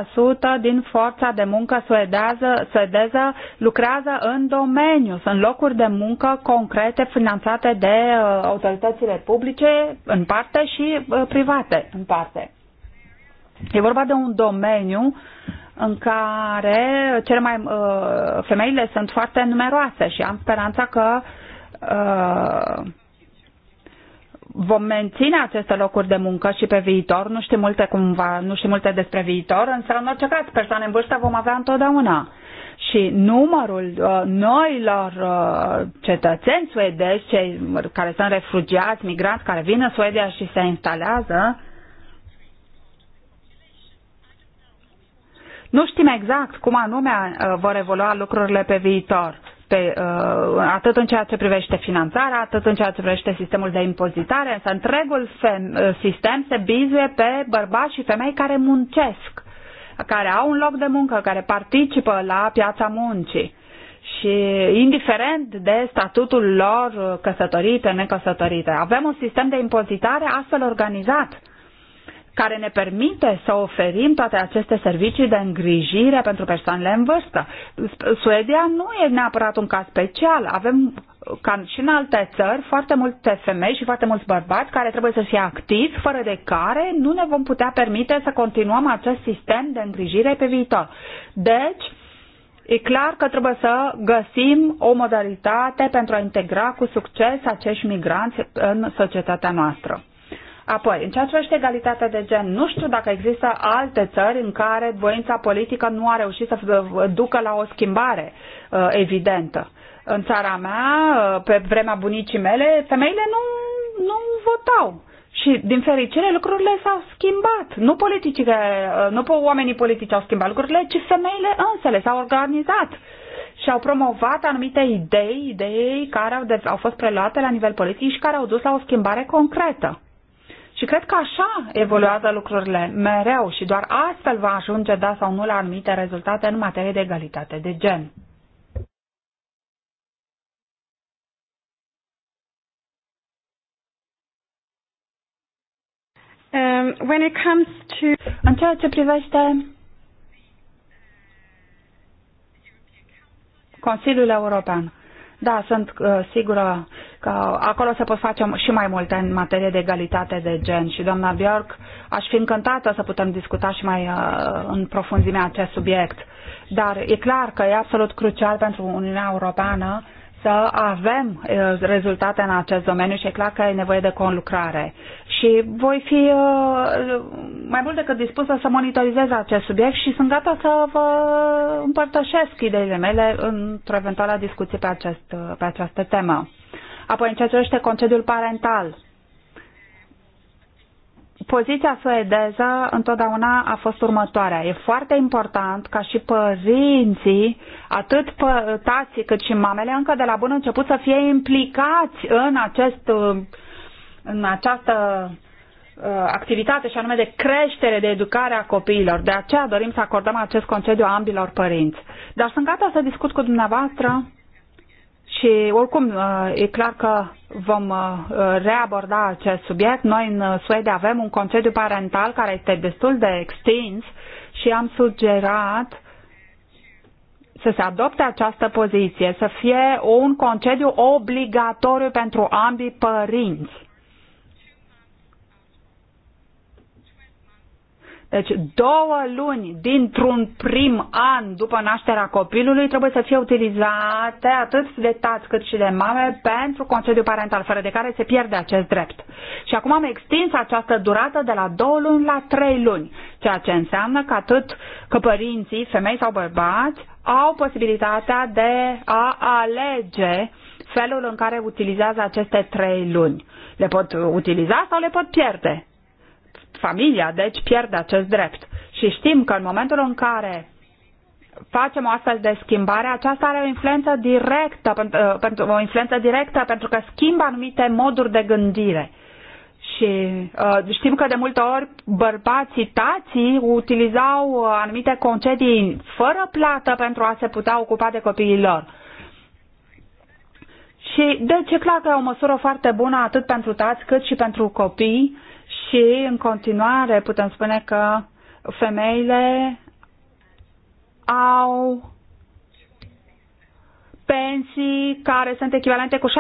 5% din forța de muncă suedeză, suedeză lucrează în domeniu. Sunt locuri de muncă concrete finanțate de uh, autoritățile publice în parte și uh, private în parte. E vorba de un domeniu în care cele mai, uh, femeile sunt foarte numeroase și am speranța că uh, vom menține aceste locuri de muncă și pe viitor. Nu știu multe cumva, nu știu multe despre viitor, însă în orice caz persoane în vârstă vom avea întotdeauna. Și numărul uh, noilor uh, cetățeni suedezi, cei care sunt refugiați, migranți, care vin în Suedia și se instalează, uh, Nu știm exact cum anume uh, vor evolua lucrurile pe viitor, pe, uh, atât în ceea ce privește finanțarea, atât în ceea ce privește sistemul de impozitare, însă întregul uh, sistem se bizuie pe bărbați și femei care muncesc, care au un loc de muncă, care participă la piața muncii și indiferent de statutul lor căsătorite, necăsătorite. Avem un sistem de impozitare astfel organizat care ne permite să oferim toate aceste servicii de îngrijire pentru persoanele în vârstă. Suedia nu e neapărat un caz special. Avem, ca și în alte țări, foarte multe femei și foarte mulți bărbați care trebuie să fie activi, fără de care nu ne vom putea permite să continuăm acest sistem de îngrijire pe viitor. Deci, E clar că trebuie să găsim o modalitate pentru a integra cu succes acești migranți în societatea noastră. Apoi, în ceea ce privește egalitatea de gen, nu știu dacă există alte țări în care voința politică nu a reușit să ducă la o schimbare uh, evidentă. În țara mea, uh, pe vremea bunicii mele, femeile nu, nu votau. Și, din fericire, lucrurile s-au schimbat. Nu, politicile, uh, nu oamenii politici au schimbat lucrurile, ci femeile însele s-au organizat și au promovat anumite idei, idei care au, de, au fost preluate la nivel politic și care au dus la o schimbare concretă. Și cred că așa evoluează lucrurile mereu și doar astfel va ajunge, da sau nu, la anumite rezultate în materie de egalitate de gen. Um, when it comes to... În ceea ce privește Consiliul European, da, sunt uh, sigură că acolo se pot face și mai multe în materie de egalitate de gen și doamna Bjork, aș fi încântată să putem discuta și mai uh, în profunzime acest subiect. Dar e clar că e absolut crucial pentru Uniunea Europeană să avem uh, rezultate în acest domeniu și e clar că e nevoie de conlucrare. Și voi fi uh, mai mult decât dispusă să monitorizez acest subiect și sunt gata să vă împărtășesc ideile mele într-o eventuală discuție pe, acest, uh, pe această temă. Apoi în concediul parental. Poziția suedeză întotdeauna a fost următoarea. E foarte important ca și părinții, atât pă tații cât și mamele, încă de la bun început să fie implicați în, acest, în această uh, activitate și anume de creștere, de educare a copiilor. De aceea dorim să acordăm acest concediu ambilor părinți. Dar sunt gata să discut cu dumneavoastră și oricum uh, e clar că vom uh, reaborda acest subiect. Noi în uh, Suedia avem un concediu parental care este destul de extins și am sugerat să se adopte această poziție, să fie un concediu obligatoriu pentru ambii părinți Deci două luni dintr-un prim an după nașterea copilului trebuie să fie utilizate atât de tați cât și de mame pentru concediu parental, fără de care se pierde acest drept. Și acum am extins această durată de la două luni la trei luni, ceea ce înseamnă că atât că părinții, femei sau bărbați, au posibilitatea de a alege felul în care utilizează aceste trei luni. Le pot utiliza sau le pot pierde familia, deci pierde acest drept. Și știm că în momentul în care facem o astfel de schimbare, aceasta are o influență directă, uh, pentru, o influență directă pentru că schimbă anumite moduri de gândire. Și uh, știm că de multe ori bărbații, tații, utilizau uh, anumite concedii fără plată pentru a se putea ocupa de copiii lor. Și deci e clar că e o măsură foarte bună atât pentru tați cât și pentru copii și în continuare putem spune că femeile au pensii care sunt echivalente cu 60%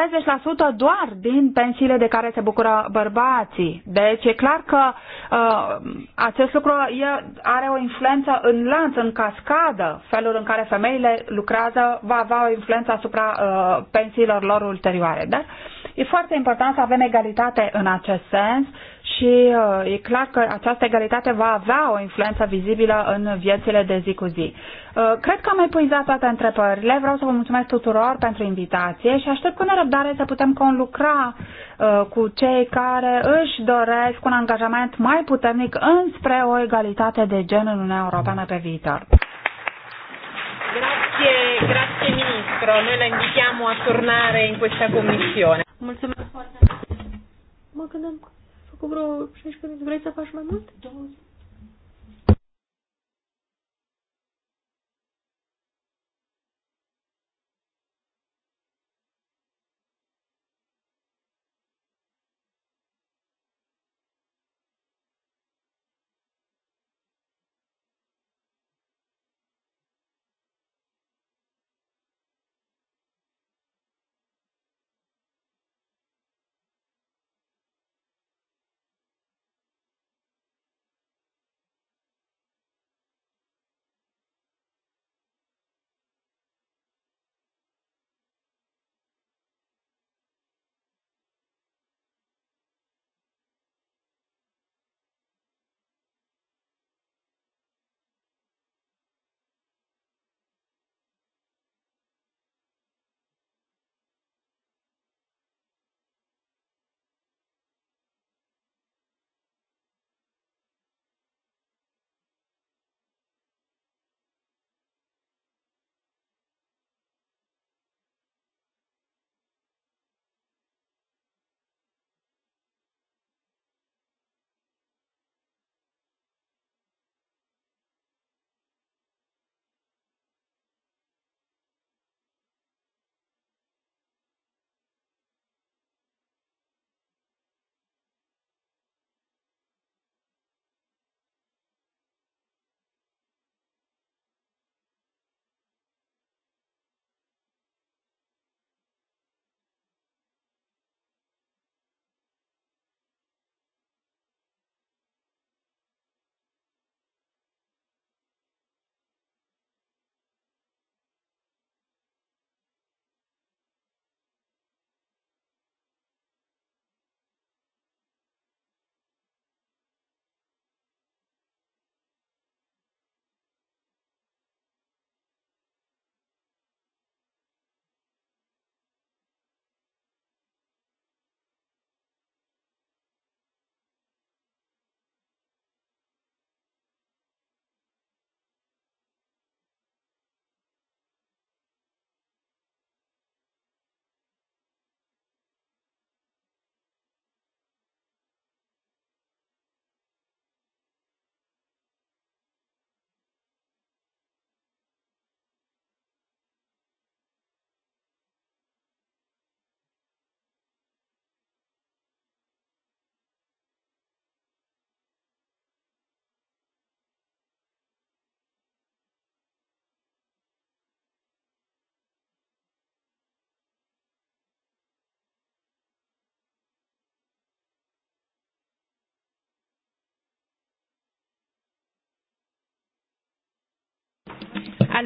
doar din pensiile de care se bucură bărbații. Deci e clar că uh, acest lucru e, are o influență în lanț, în cascadă. Felul în care femeile lucrează va avea o influență asupra uh, pensiilor lor ulterioare. Dar e foarte important să avem egalitate în acest sens și uh, e clar că această egalitate va avea o influență vizibilă în viețile de zi cu zi. Uh, cred că am epuizat toate întrebările. Vreau să vă mulțumesc tuturor pentru invitație și aștept cu nerăbdare să putem conlucra uh, cu cei care își doresc un angajament mai puternic înspre o egalitate de gen în Uniunea Europeană pe viitor. Grazie, grazie Ministro, noi le invitiamo a tornare in questa commissione. Mulțumesc foarte mult. Mă gândesc făcut vreo 16 minute. Vrei să faci mai mult? 20.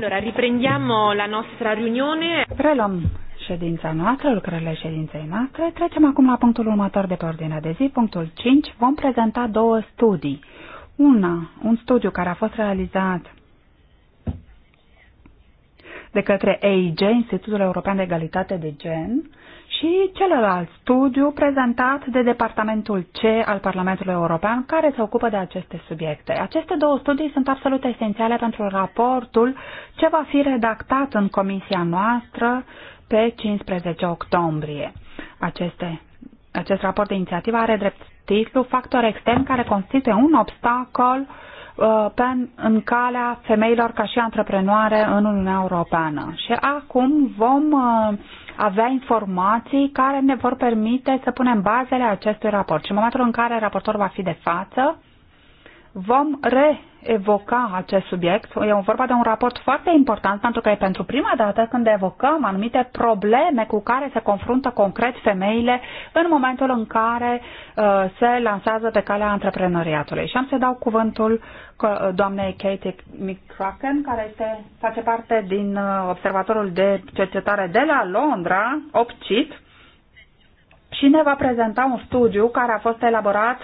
Allora, riprendiamo la nostra riunione. Preluăm ședința noastră, lucrările ședinței noastre. Trecem acum la punctul următor de pe ordinea de zi, punctul 5. Vom prezenta două studii. Una, un studiu care a fost realizat de către EIG, Institutul European de Egalitate de Gen, și celălalt studiu prezentat de Departamentul C al Parlamentului European, care se ocupă de aceste subiecte. Aceste două studii sunt absolut esențiale pentru raportul ce va fi redactat în comisia noastră pe 15 octombrie. Aceste, acest raport de inițiativă are drept titlu Factor extern care constituie un obstacol uh, Uh, pe, în calea femeilor ca și antreprenoare în Uniunea Europeană. Și acum vom uh, avea informații care ne vor permite să punem bazele acestui raport. Și în momentul în care raportorul va fi de față, vom reevoca acest subiect. E vorba de un raport foarte important pentru că e pentru prima dată când evocăm anumite probleme cu care se confruntă concret femeile în momentul în care uh, se lansează pe calea antreprenoriatului. Și am să dau cuvântul Uh, doamnei Katie McCracken, care este, face parte din uh, Observatorul de Cercetare de la Londra, OPCIT, și ne va prezenta un studiu care a fost elaborat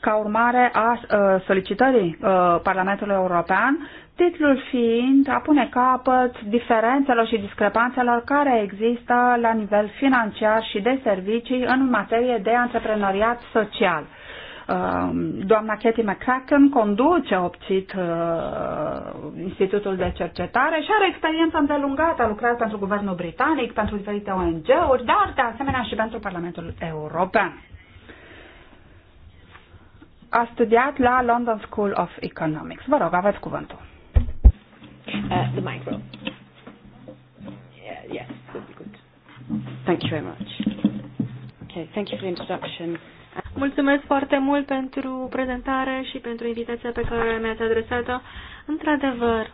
ca urmare a uh, solicitării Parlamentului European, titlul fiind a pune capăt diferențelor și discrepanțelor care există la nivel financiar și de servicii în materie de antreprenoriat social. Um, doamna Katie McCracken conduce opțit uh, Institutul de Cercetare și are experiență îndelungată, a lucrat pentru Guvernul Britanic, pentru diferite ONG-uri, dar de asemenea și pentru Parlamentul European. A studiat la London School of Economics. Vă rog, aveți cuvântul. Uh, the micro. Yeah, yes, good. Thank you very much. Okay, thank you for the introduction. Mulțumesc foarte mult pentru prezentare și pentru invitația pe care mi-ați adresat-o. Într-adevăr,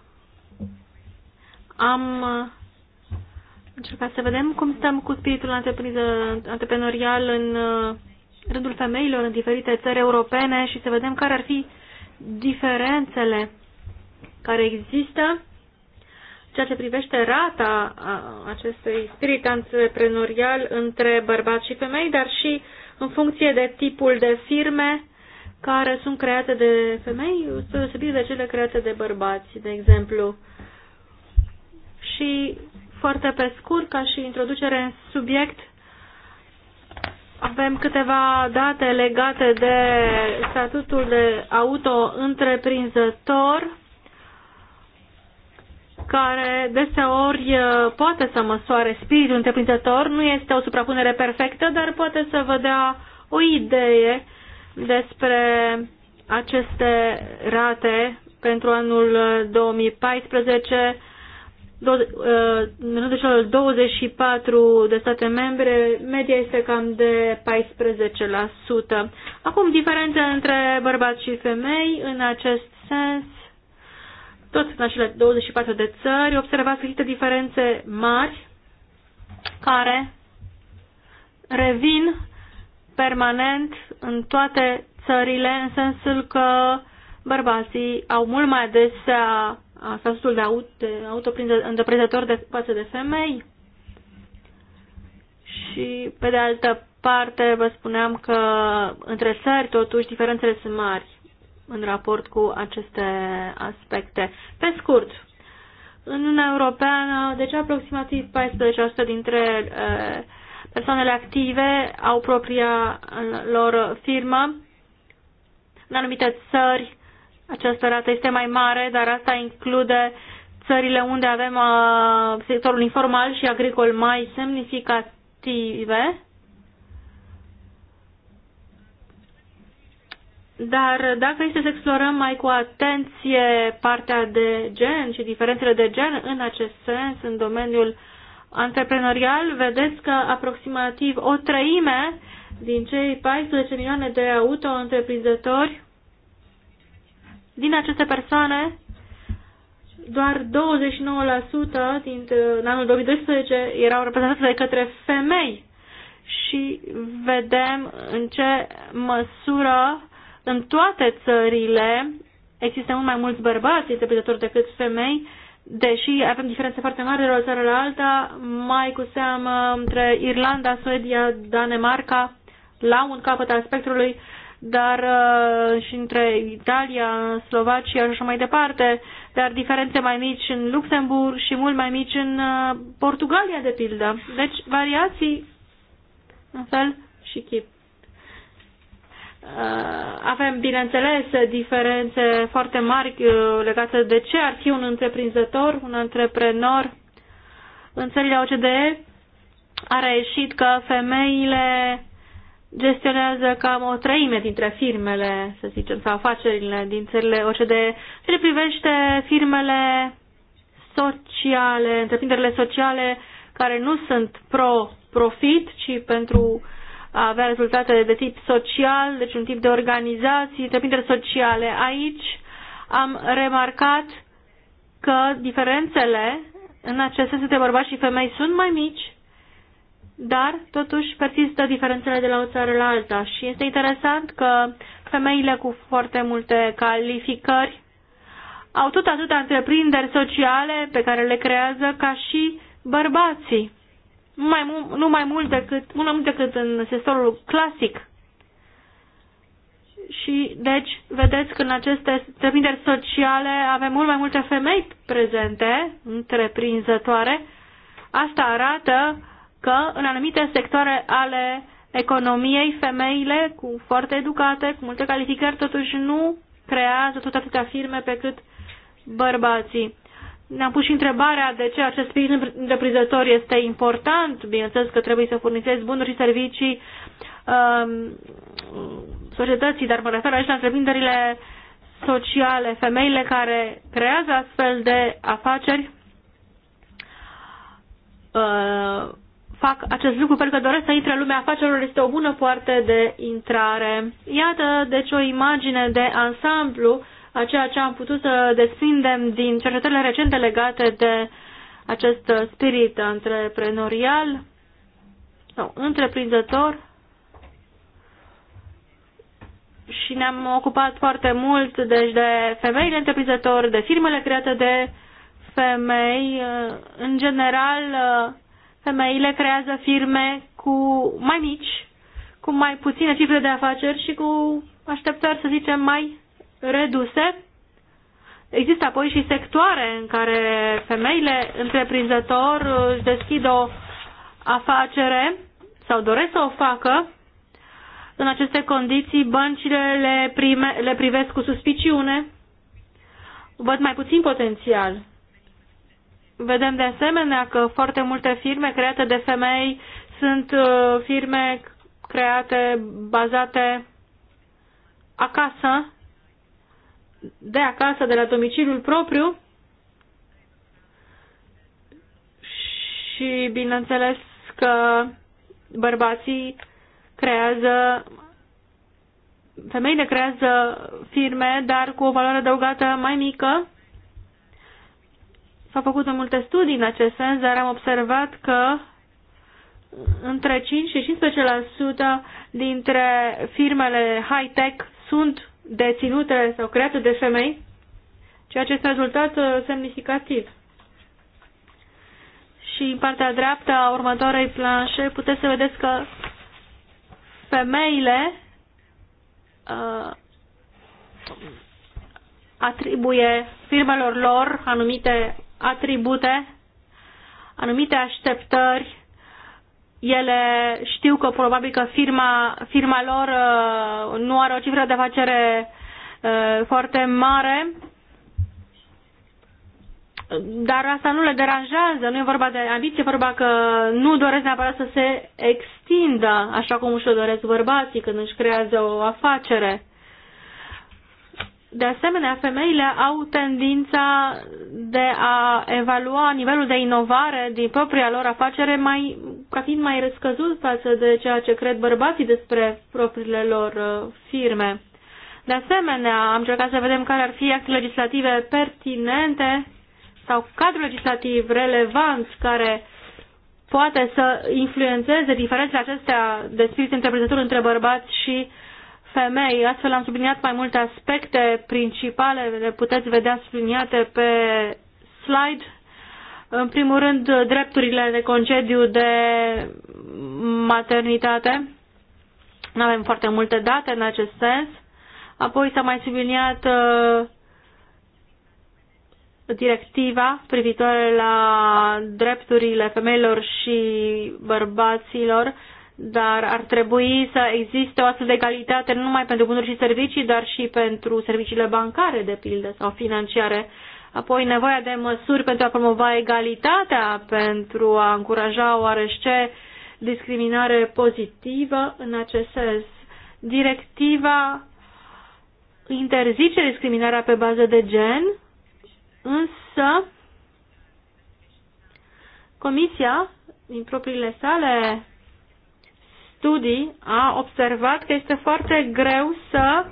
am uh, încercat să vedem cum stăm cu spiritul antreprenorial în uh, rândul femeilor în diferite țări europene și să vedem care ar fi diferențele care există ceea ce privește rata uh, acestui spirit antreprenorial între bărbați și femei, dar și uh, în funcție de tipul de firme care sunt create de femei, deosebire de cele create de bărbați, de exemplu. Și foarte pe scurt, ca și introducere în subiect, avem câteva date legate de statutul de auto-întreprinzător care deseori uh, poate să măsoare spiritul întreprinzător, nu este o suprapunere perfectă, dar poate să vă dea o idee despre aceste rate pentru anul 2014 uh, uh, în rândul celor 24 de state membre, media este cam de 14%. Acum, diferențe între bărbați și femei, în acest sens, tot în acele 24 de țări, observați că există diferențe mari care revin permanent în toate țările, în sensul că bărbații au mult mai adesea statutul de, aut, de autoîntreprinzător de față de femei. Și, pe de altă parte, vă spuneam că între țări, totuși, diferențele sunt mari în raport cu aceste aspecte. Pe scurt, în Uniunea Europeană, deci aproximativ 14% dintre eh, persoanele active au propria eh, lor firmă. În anumite țări această rată este mai mare, dar asta include țările unde avem eh, sectorul informal și agricol mai semnificative Dar dacă este să explorăm mai cu atenție partea de gen și diferențele de gen în acest sens, în domeniul antreprenorial, vedeți că aproximativ o treime din cei 14 milioane de auto-întreprinzători, din aceste persoane, doar 29% din, în anul 2012 erau reprezentate de către femei și vedem în ce măsură în toate țările există mult mai mulți bărbați întreprinzători decât femei, deși avem diferențe foarte mari de la o țară la alta, mai cu seamă între Irlanda, Suedia, Danemarca, la un capăt al spectrului, dar uh, și între Italia, Slovacia și așa mai departe, dar diferențe mai mici în Luxemburg și mult mai mici în uh, Portugalia, de pildă. Deci variații în fel și chip. Uh, avem, bineînțeles, diferențe foarte mari uh, legate de ce ar fi un întreprinzător, un antreprenor. În țările OCDE a reieșit că femeile gestionează cam o treime dintre firmele, să zicem, sau afacerile din țările OCDE. Ce privește firmele sociale, întreprinderile sociale care nu sunt pro-profit, ci pentru a avea rezultate de tip social, deci un tip de organizații, întreprinderi sociale. Aici am remarcat că diferențele în acest sens între bărbați și femei sunt mai mici, dar totuși persistă diferențele de la o țară la alta și este interesant că femeile cu foarte multe calificări au tot atâtea întreprinderi sociale pe care le creează ca și bărbații mai, nu mai mult decât, nu mai mult decât în sesorul clasic. Și, deci, vedeți că în aceste întreprinderi sociale avem mult mai multe femei prezente, întreprinzătoare. Asta arată că în anumite sectoare ale economiei, femeile cu foarte educate, cu multe calificări, totuși nu creează tot atâtea firme pe cât bărbații. Ne-am pus și întrebarea de ce acest sprijin întreprinzător este important. Bineînțeles că trebuie să furnizezi bunuri și servicii um, societății, dar mă refer aici la întreprinderile sociale, femeile care creează astfel de afaceri uh, fac acest lucru pentru că doresc să intre în lumea afacerilor, este o bună poartă de intrare. Iată, deci, o imagine de ansamblu a ceea ce am putut să desprindem din cercetările recente legate de acest spirit antreprenorial, sau întreprinzător, și ne-am ocupat foarte mult deci, de femeile întreprinzători, de firmele create de femei. În general, femeile creează firme cu mai mici, cu mai puține cifre de afaceri și cu așteptări, să zicem, mai reduse. Există apoi și sectoare în care femeile întreprinzător își deschid o afacere sau doresc să o facă. În aceste condiții, băncile le, prime, le privesc cu suspiciune, văd mai puțin potențial. Vedem de asemenea că foarte multe firme create de femei sunt uh, firme create bazate acasă, de acasă, de la domiciliul propriu și bineînțeles că bărbații creează femeile creează firme, dar cu o valoare adăugată mai mică. S-au făcut multe studii în acest sens, dar am observat că între 5 și 15% dintre firmele high-tech sunt deținute sau create de femei, ceea ce este rezultat uh, semnificativ. Și în partea dreaptă a următoarei planșe puteți să vedeți că femeile uh, atribuie firmelor lor anumite atribute, anumite așteptări ele știu că probabil că firma, firma lor uh, nu are o cifră de afacere uh, foarte mare, dar asta nu le deranjează, nu e vorba de ambiție, e vorba că nu doresc neapărat să se extindă așa cum își doresc bărbații când își creează o afacere. De asemenea, femeile au tendința de a evalua nivelul de inovare din propria lor afacere mai, ca fiind mai răscăzut față de ceea ce cred bărbații despre propriile lor uh, firme. De asemenea, am încercat să vedem care ar fi acte legislative pertinente sau cadru legislativ relevant care poate să influențeze diferențele acestea de spirit întreprinzător între bărbați și uh, femei. Astfel am subliniat mai multe aspecte principale, le puteți vedea subliniate pe slide. În primul rând, drepturile de concediu de maternitate. Nu avem foarte multe date în acest sens. Apoi s-a mai subliniat uh, directiva privitoare la drepturile femeilor și bărbaților dar ar trebui să existe o astfel de egalitate nu numai pentru bunuri și servicii, dar și pentru serviciile bancare, de pildă, sau financiare. Apoi nevoia de măsuri pentru a promova egalitatea, pentru a încuraja oarește discriminare pozitivă în acest sens. Directiva interzice discriminarea pe bază de gen, însă Comisia, din propriile sale studii a observat că este foarte greu să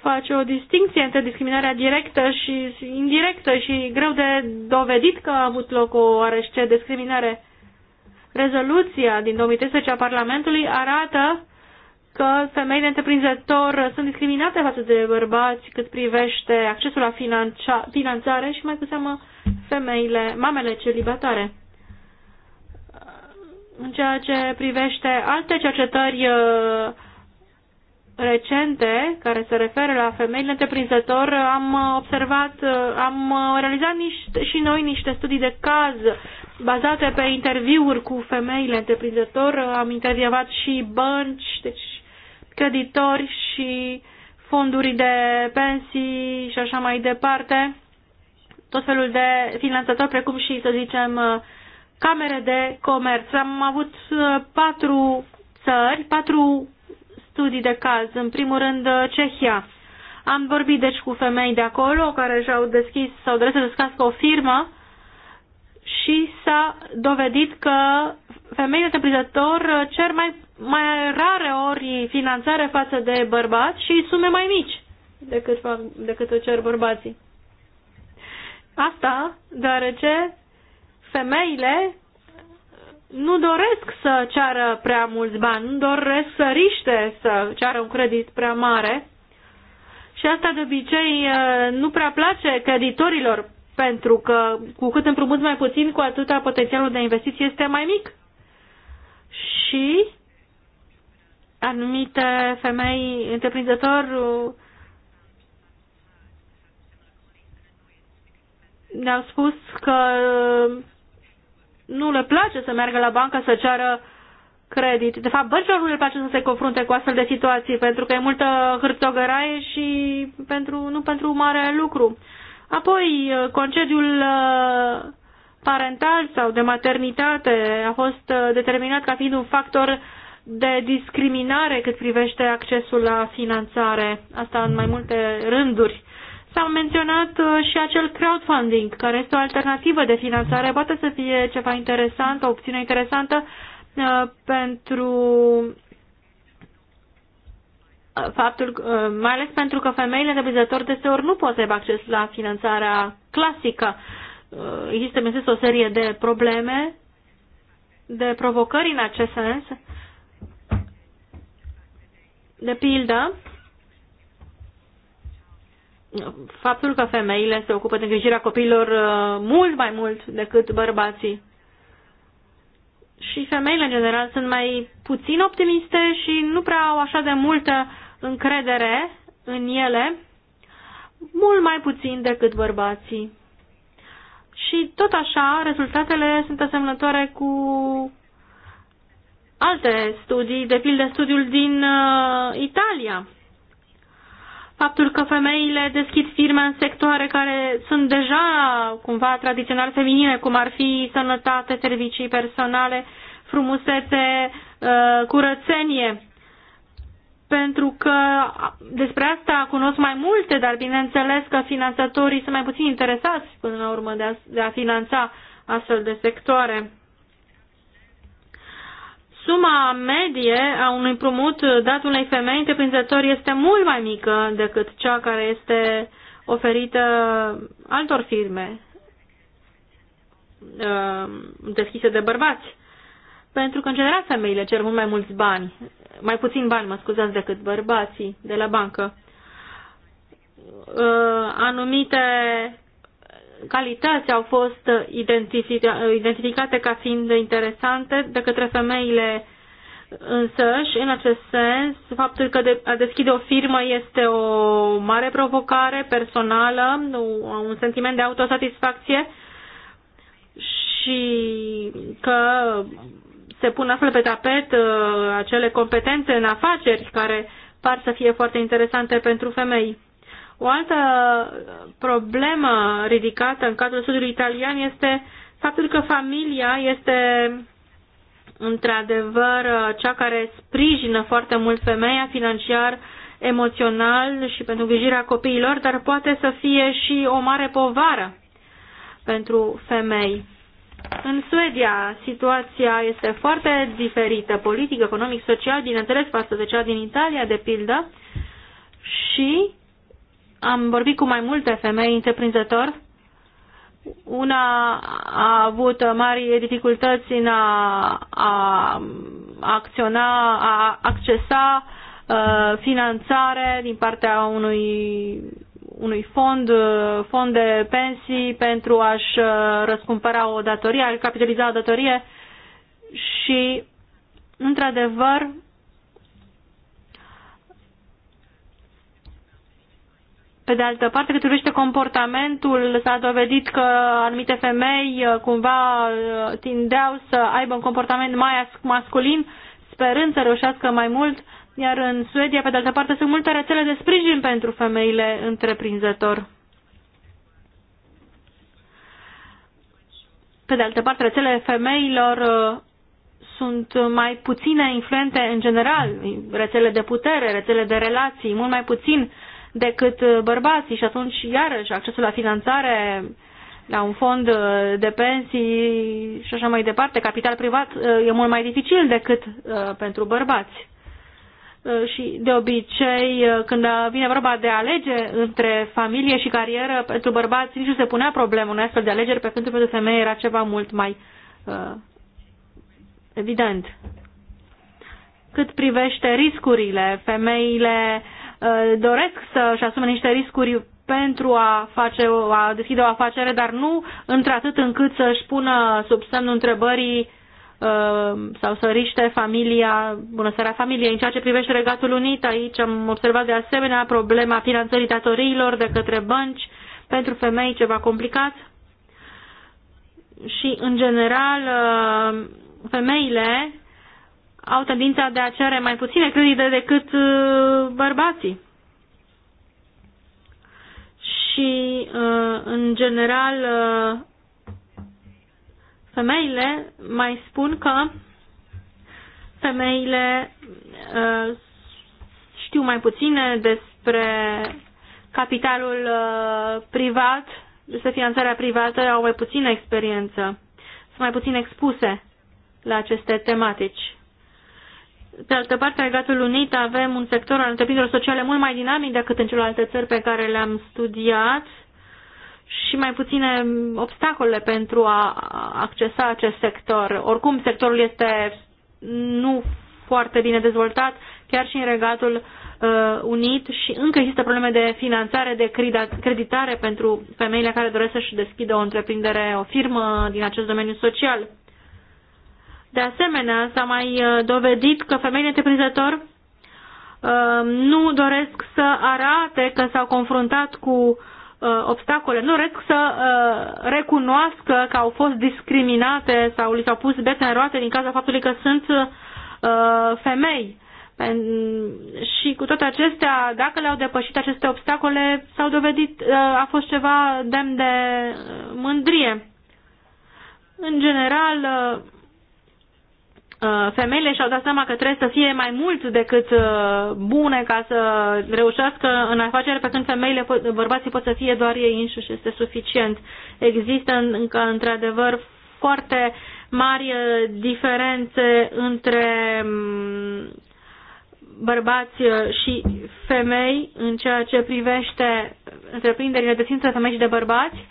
face o distinție între discriminarea directă și indirectă și greu de dovedit că a avut loc o oarește discriminare. Rezoluția din 2013 a Parlamentului arată că femeile întreprinzător sunt discriminate față de bărbați cât privește accesul la finanțare și mai cu seamă femeile, mamele celibatare. În ceea ce privește alte cercetări uh, recente care se referă la femeile întreprinzător, am observat, uh, am realizat niște, și noi niște studii de caz bazate pe interviuri cu femeile întreprinzător. Am intervievat și bănci, deci creditori și fonduri de pensii și așa mai departe, tot felul de finanțatori, precum și, să zicem, camere de comerț. Am avut uh, patru țări, patru studii de caz. În primul rând, uh, Cehia. Am vorbit deci cu femei de acolo care și-au deschis sau doresc să deschească o firmă și s-a dovedit că femeile întreprinzător uh, cer mai, mai rare ori finanțare față de bărbați și sume mai mici decât, decât o cer bărbații. Asta deoarece femeile nu doresc să ceară prea mulți bani, nu doresc să riște să ceară un credit prea mare și asta de obicei nu prea place creditorilor pentru că cu cât împrumut mai puțin, cu atâta potențialul de investiție este mai mic. Și anumite femei întreprinzători ne-au spus că nu le place să meargă la bancă să ceară credit. De fapt, băncilor nu le place să se confrunte cu astfel de situații, pentru că e multă hârtogăraie și pentru, nu pentru mare lucru. Apoi, concediul uh, parental sau de maternitate a fost uh, determinat ca fiind un factor de discriminare cât privește accesul la finanțare. Asta în mai multe rânduri. S-a menționat uh, și acel crowdfunding, care este o alternativă de finanțare. Poate să fie ceva interesant, o opțiune interesantă uh, pentru uh, faptul, mai ales pentru că femeile de vizători deseori nu pot să aibă acces la finanțarea clasică. Există, mi o serie de probleme, de provocări în acest sens. De pildă, faptul că femeile se ocupă de îngrijirea copiilor uh, mult mai mult decât bărbații. Și femeile, în general, sunt mai puțin optimiste și nu prea au așa de multă încredere în ele, mult mai puțin decât bărbații. Și tot așa, rezultatele sunt asemănătoare cu alte studii, de pildă studiul din uh, Italia, faptul că femeile deschid firme în sectoare care sunt deja cumva tradițional feminine, cum ar fi sănătate, servicii personale, frumusețe, uh, curățenie. Pentru că despre asta cunosc mai multe, dar bineînțeles că finanțatorii sunt mai puțin interesați până la urmă de a, de a finanța astfel de sectoare. Suma medie a unui prumut dat unei femei întreprinzător este mult mai mică decât cea care este oferită altor firme uh, deschise de bărbați. Pentru că, în general, femeile cer mult mai mulți bani, mai puțin bani, mă scuzați, decât bărbații de la bancă. Uh, anumite calități au fost uh, uh, identificate ca fiind interesante de către femeile însăși, în acest sens, faptul că de, a deschide o firmă este o mare provocare personală, un sentiment de autosatisfacție și că se pun astfel pe tapet uh, acele competențe în afaceri care par să fie foarte interesante pentru femei. O altă problemă ridicată în cadrul studiului italian este faptul că familia este într-adevăr cea care sprijină foarte mult femeia financiar, emoțional și pentru grijirea copiilor, dar poate să fie și o mare povară pentru femei. În Suedia situația este foarte diferită, politic, economic, social, bineînțeles, față de cea din Italia, de pildă, și am vorbit cu mai multe femei întreprinzători. Una a avut mari dificultăți în a, a acționa, a accesa uh, finanțare din partea unui, unui fond, uh, fond de pensii pentru a-și uh, răscumpăra o datorie, a capitaliza o datorie și, într-adevăr, Pe de altă parte, cât privește comportamentul, s-a dovedit că anumite femei uh, cumva uh, tindeau să aibă un comportament mai masculin, sperând să reușească mai mult, iar în Suedia, pe de altă parte, sunt multe rețele de sprijin pentru femeile întreprinzător. Pe de altă parte, rețelele femeilor uh, sunt mai puține influente în general, rețele de putere, rețele de relații, mult mai puțin uh, decât uh, bărbații și atunci, iarăși, accesul la finanțare, la un fond uh, de pensii și așa mai departe, capital privat, uh, e mult mai dificil decât pentru bărbați. Și de obicei, când vine vorba de alege între familie și carieră, pentru bărbați nici nu se punea problemă în astfel de alegeri, pe când pentru femeie era ceva mult mai evident cât privește riscurile. Femeile Uh, doresc să-și asume niște riscuri pentru a, face, a deschide o afacere, dar nu într-atât încât să-și pună sub semnul întrebării uh, sau să riște familia, bună seara familiei. În ceea ce privește Regatul Unit, aici am observat de asemenea problema finanțării datoriilor de către bănci pentru femei ceva complicat. Și, în general, uh, femeile au tendința de a cere mai puține credite decât uh, bărbații. Și, uh, în general, uh, femeile mai spun că femeile știu mai puține despre capitalul privat, despre finanțarea privată, au mai puțină experiență, sunt mai puțin expuse la aceste tematici. Pe altă parte, Regatul Unit avem un sector al întreprinderilor sociale mult mai dinamic decât în celelalte țări pe care le-am studiat și mai puține obstacole pentru a accesa acest sector. Oricum, sectorul este nu foarte bine dezvoltat, chiar și în Regatul uh, Unit și încă există probleme de finanțare, de creditare pentru femeile care doresc să-și deschidă o întreprindere, o firmă din acest domeniu social. De asemenea, s-a mai uh, dovedit că femeile întreprinzător uh, nu doresc să arate că s-au confruntat cu uh, obstacole, nu doresc să recunoască că au fost discriminate sau li s-au pus bețe în roate din cauza faptului că sunt femei. Și cu toate acestea, dacă le-au depășit aceste obstacole, s-au dovedit, a fost ceva demn de mândrie. În general, Uh, femeile și-au dat seama că trebuie să fie mai mult decât uh, bune ca să reușească în afaceri, pe când femeile, bărbații pot să fie doar ei înșiși, este suficient. Există încă, într-adevăr, foarte mari uh, diferențe între mm, bărbați și femei în ceea ce privește întreprinderile de ființă femei și de bărbați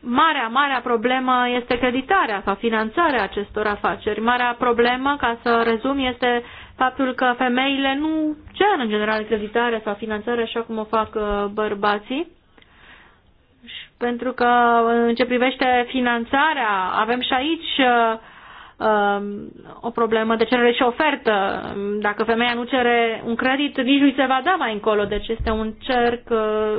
marea, marea problemă este creditarea sau finanțarea acestor afaceri. Marea problemă, ca să rezum, este faptul că femeile nu cer în general creditare sau finanțare așa cum o fac uh, bărbații. Pentru că uh, în ce privește finanțarea, avem și aici uh, um, o problemă de cerere și ofertă. Dacă femeia nu cere un credit, nici nu se va da mai încolo, deci este un cerc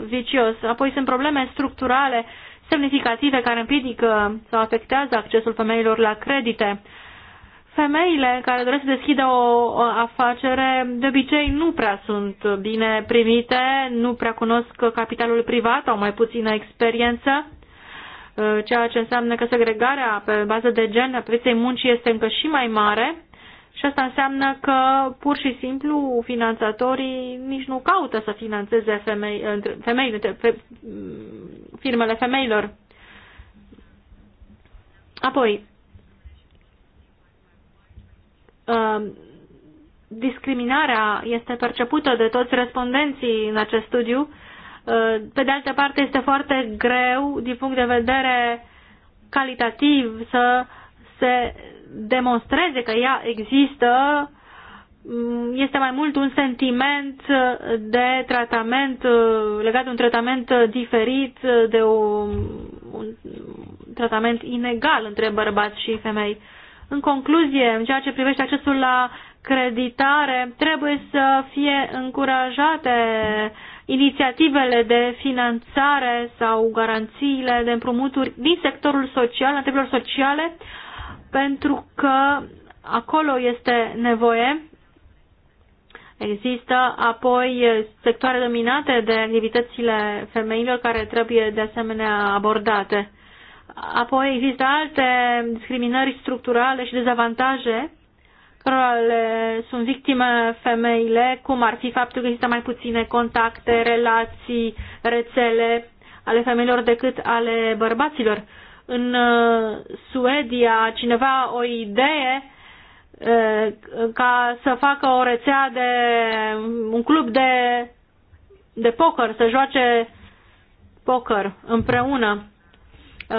vicios. Apoi sunt probleme structurale uh, semnificative care împiedică sau afectează accesul femeilor la credite. Femeile care doresc să deschidă o afacere de obicei nu prea sunt bine primite, nu prea cunosc capitalul privat, au mai puțină experiență, ceea ce înseamnă că segregarea pe bază de gen a preței muncii este încă și mai mare și asta înseamnă că pur și simplu finanțatorii nici nu caută să financeze femei, femei, fe, firmele femeilor. Apoi, um, discriminarea este percepută de toți respondenții în acest studiu. Uh, pe de altă parte, este foarte greu, din punct de vedere calitativ, să se demonstreze că ea există mm, este mai mult un sentiment de tratament eh, legat de un tratament diferit, eh, de un, un tratament inegal între bărbați și femei. În concluzie, în ceea ce privește accesul la creditare, trebuie să fie încurajate inițiativele de finanțare sau garanțiile de împrumuturi din sectorul social, întrebărilor sociale, pentru că acolo este nevoie. Există apoi sectoare dominate de activitățile femeilor care trebuie de asemenea abordate. Apoi există alte discriminări structurale și dezavantaje care sunt victime femeile, cum ar fi faptul că există mai puține contacte, relații, rețele ale femeilor decât ale bărbaților în uh, Suedia cineva o idee uh, ca să facă o rețea de un club de, de poker, să joace poker împreună.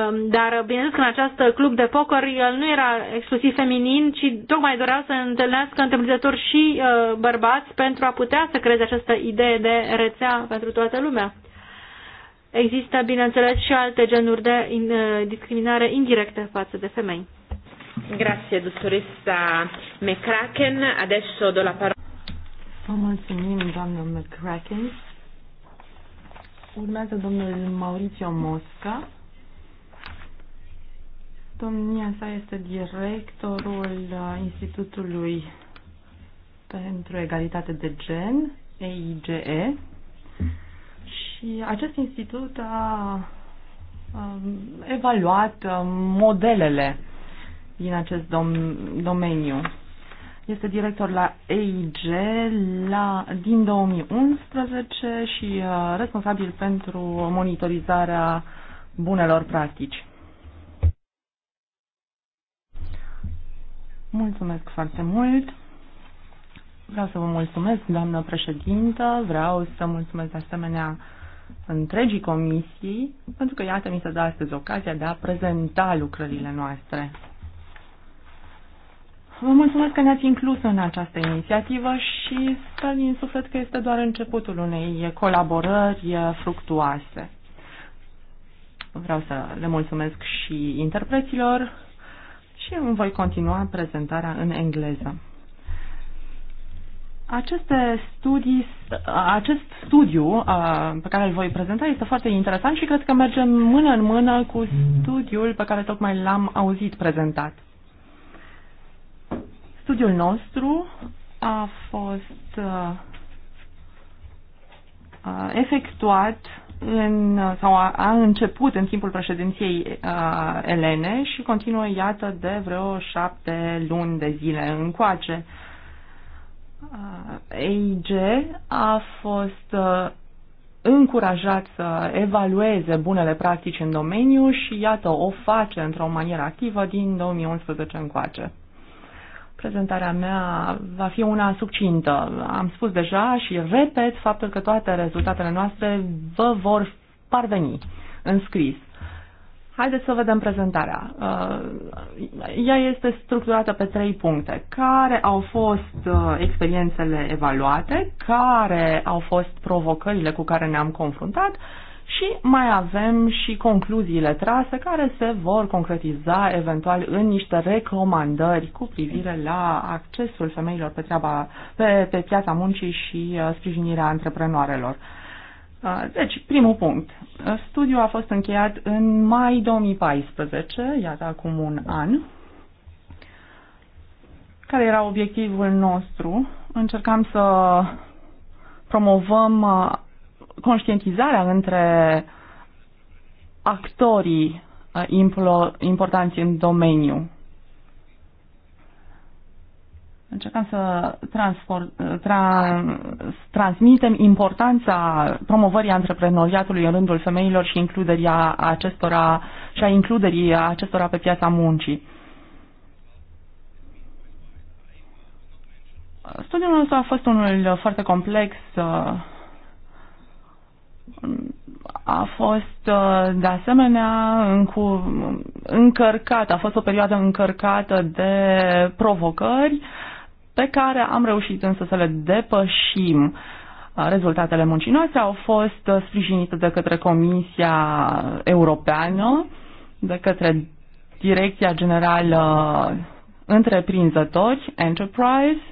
Um, dar bineînțeles că în acest club de poker el nu era exclusiv feminin, ci tocmai doreau să întâlnească întâmplători și uh, bărbați pentru a putea să creeze această idee de rețea pentru toată lumea. Există, bineînțeles, și alte genuri de uh, discriminare indirectă față de femei. Grazie, dottoressa McCracken. Adesso do la parola. Vă mulțumim, doamnă McCracken. Urmează domnul Maurizio Mosca. Domnia sa este directorul uh, Institutului pentru Egalitate de Gen, EIGE. Și acest institut a evaluat modelele din acest dom- domeniu. Este director la EIG la, din 2011 și responsabil pentru monitorizarea bunelor practici. Mulțumesc foarte mult! Vreau să vă mulțumesc, doamnă președintă, vreau să mulțumesc de asemenea întregii comisii, pentru că iată mi se dă astăzi ocazia de a prezenta lucrările noastre. Vă mulțumesc că ne-ați inclus în această inițiativă și sper din suflet că este doar începutul unei colaborări fructuoase. Vreau să le mulțumesc și interpreților și îmi voi continua prezentarea în engleză. Aceste studii, acest studiu uh, pe care îl voi prezenta este foarte interesant și cred că merge mână în mână cu studiul pe care tocmai l-am auzit prezentat. Studiul nostru a fost uh, uh, efectuat în, sau a, a început în timpul președinției uh, elene și continuă, iată, de vreo șapte luni de zile încoace. Uh, EIG a fost uh, încurajat să evalueze bunele practici în domeniu și iată o face într-o manieră activă din 2011 încoace. Prezentarea mea va fi una succintă. Am spus deja și repet faptul că toate rezultatele noastre vă vor parveni în scris. Haideți să vedem prezentarea. Uh, ea este structurată pe trei puncte. Care au fost uh, experiențele evaluate, care au fost provocările cu care ne-am confruntat și mai avem și concluziile trase care se vor concretiza eventual în niște recomandări cu privire la accesul femeilor pe, treaba, pe, pe piața muncii și uh, sprijinirea antreprenoarelor. Ah, deci, primul punct. Studiul a fost încheiat în mai 2014, iată acum un an. Care era obiectivul nostru? Încercam să promovăm ah, conștientizarea între actorii ah, importanți în domeniu. Încercăm să transport, tra, transmitem importanța promovării antreprenoriatului în rândul femeilor și includerea acestora și a includerii acestora pe piața muncii. Studiul nostru a fost unul foarte complex. A fost, de asemenea, încărcat, a fost o perioadă încărcată de provocări pe care am reușit însă să le depășim. Rezultatele muncii noastre au fost uh, sprijinite de către Comisia Europeană, de către Direcția Generală Întreprinzători, Enterprise,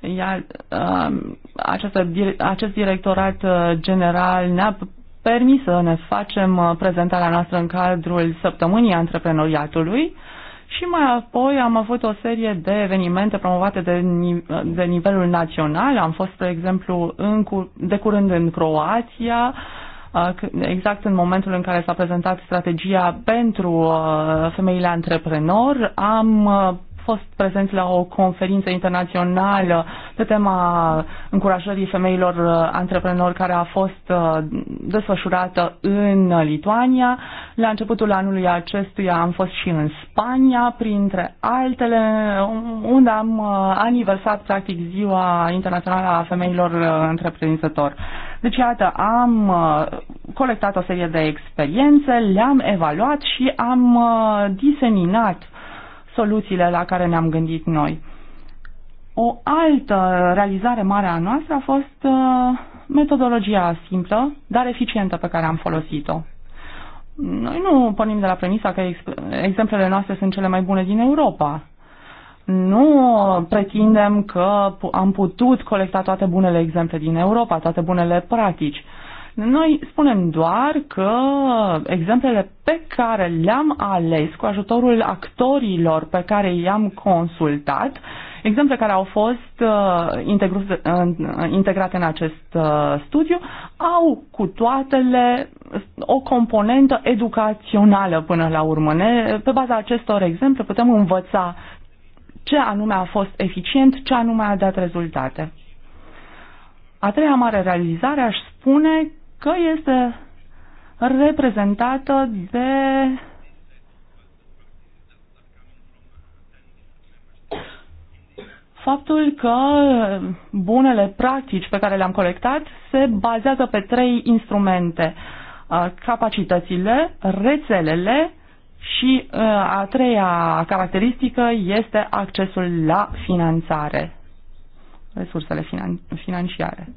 iar um, acest, acest directorat uh, general ne-a permis să ne facem uh, prezentarea noastră în cadrul săptămânii antreprenoriatului și mai apoi am avut o serie de evenimente promovate de, de nivelul național. Am fost, de exemplu, în, de curând în Croația, exact în momentul în care s-a prezentat strategia pentru femeile antreprenori. Am fost prezenți la o conferință internațională pe tema încurajării femeilor uh, antreprenori care a fost uh, desfășurată în Lituania. La începutul anului acestuia am fost și în Spania, printre altele, um, unde am uh, aniversat practic Ziua Internațională a Femeilor Întreprinzători. Deci, iată, am colectat o serie de experiențe, le-am evaluat și am diseminat soluțiile la care ne-am gândit noi. O altă realizare mare a noastră a fost uh, metodologia simplă, dar eficientă pe care am folosit-o. Noi nu pornim de la premisa că exemplele noastre sunt cele mai bune din Europa. Nu pretindem că am putut colecta toate bunele exemple din Europa, toate bunele practici. Uh, noi spunem doar că exemplele pe care le-am ales cu ajutorul actorilor pe care i-am consultat, exemple care au fost uh, uh, integrate în acest uh, studiu, au cu toatele o componentă educațională până la urmă. Ne, pe baza acestor exemple putem învăța ce anume a fost eficient, ce anume a dat rezultate. A treia mare realizare aș spune că este reprezentată de faptul că bunele practici pe care le-am colectat se bazează pe trei instrumente. Uh, capacitățile, rețelele și uh, a treia caracteristică este accesul la finanțare, resursele finan- financiare.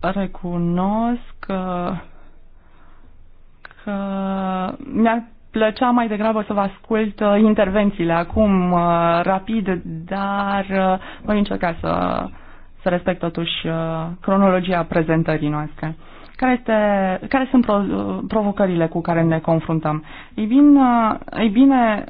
recunosc că, că mi-ar plăcea mai degrabă să vă ascult uh, intervențiile acum uh, rapid, dar uh, voi încerca să, să respect totuși cronologia prezentării noastre. Care, este, care sunt pro, provocările cu care ne confruntăm? Ei bine, ei bine,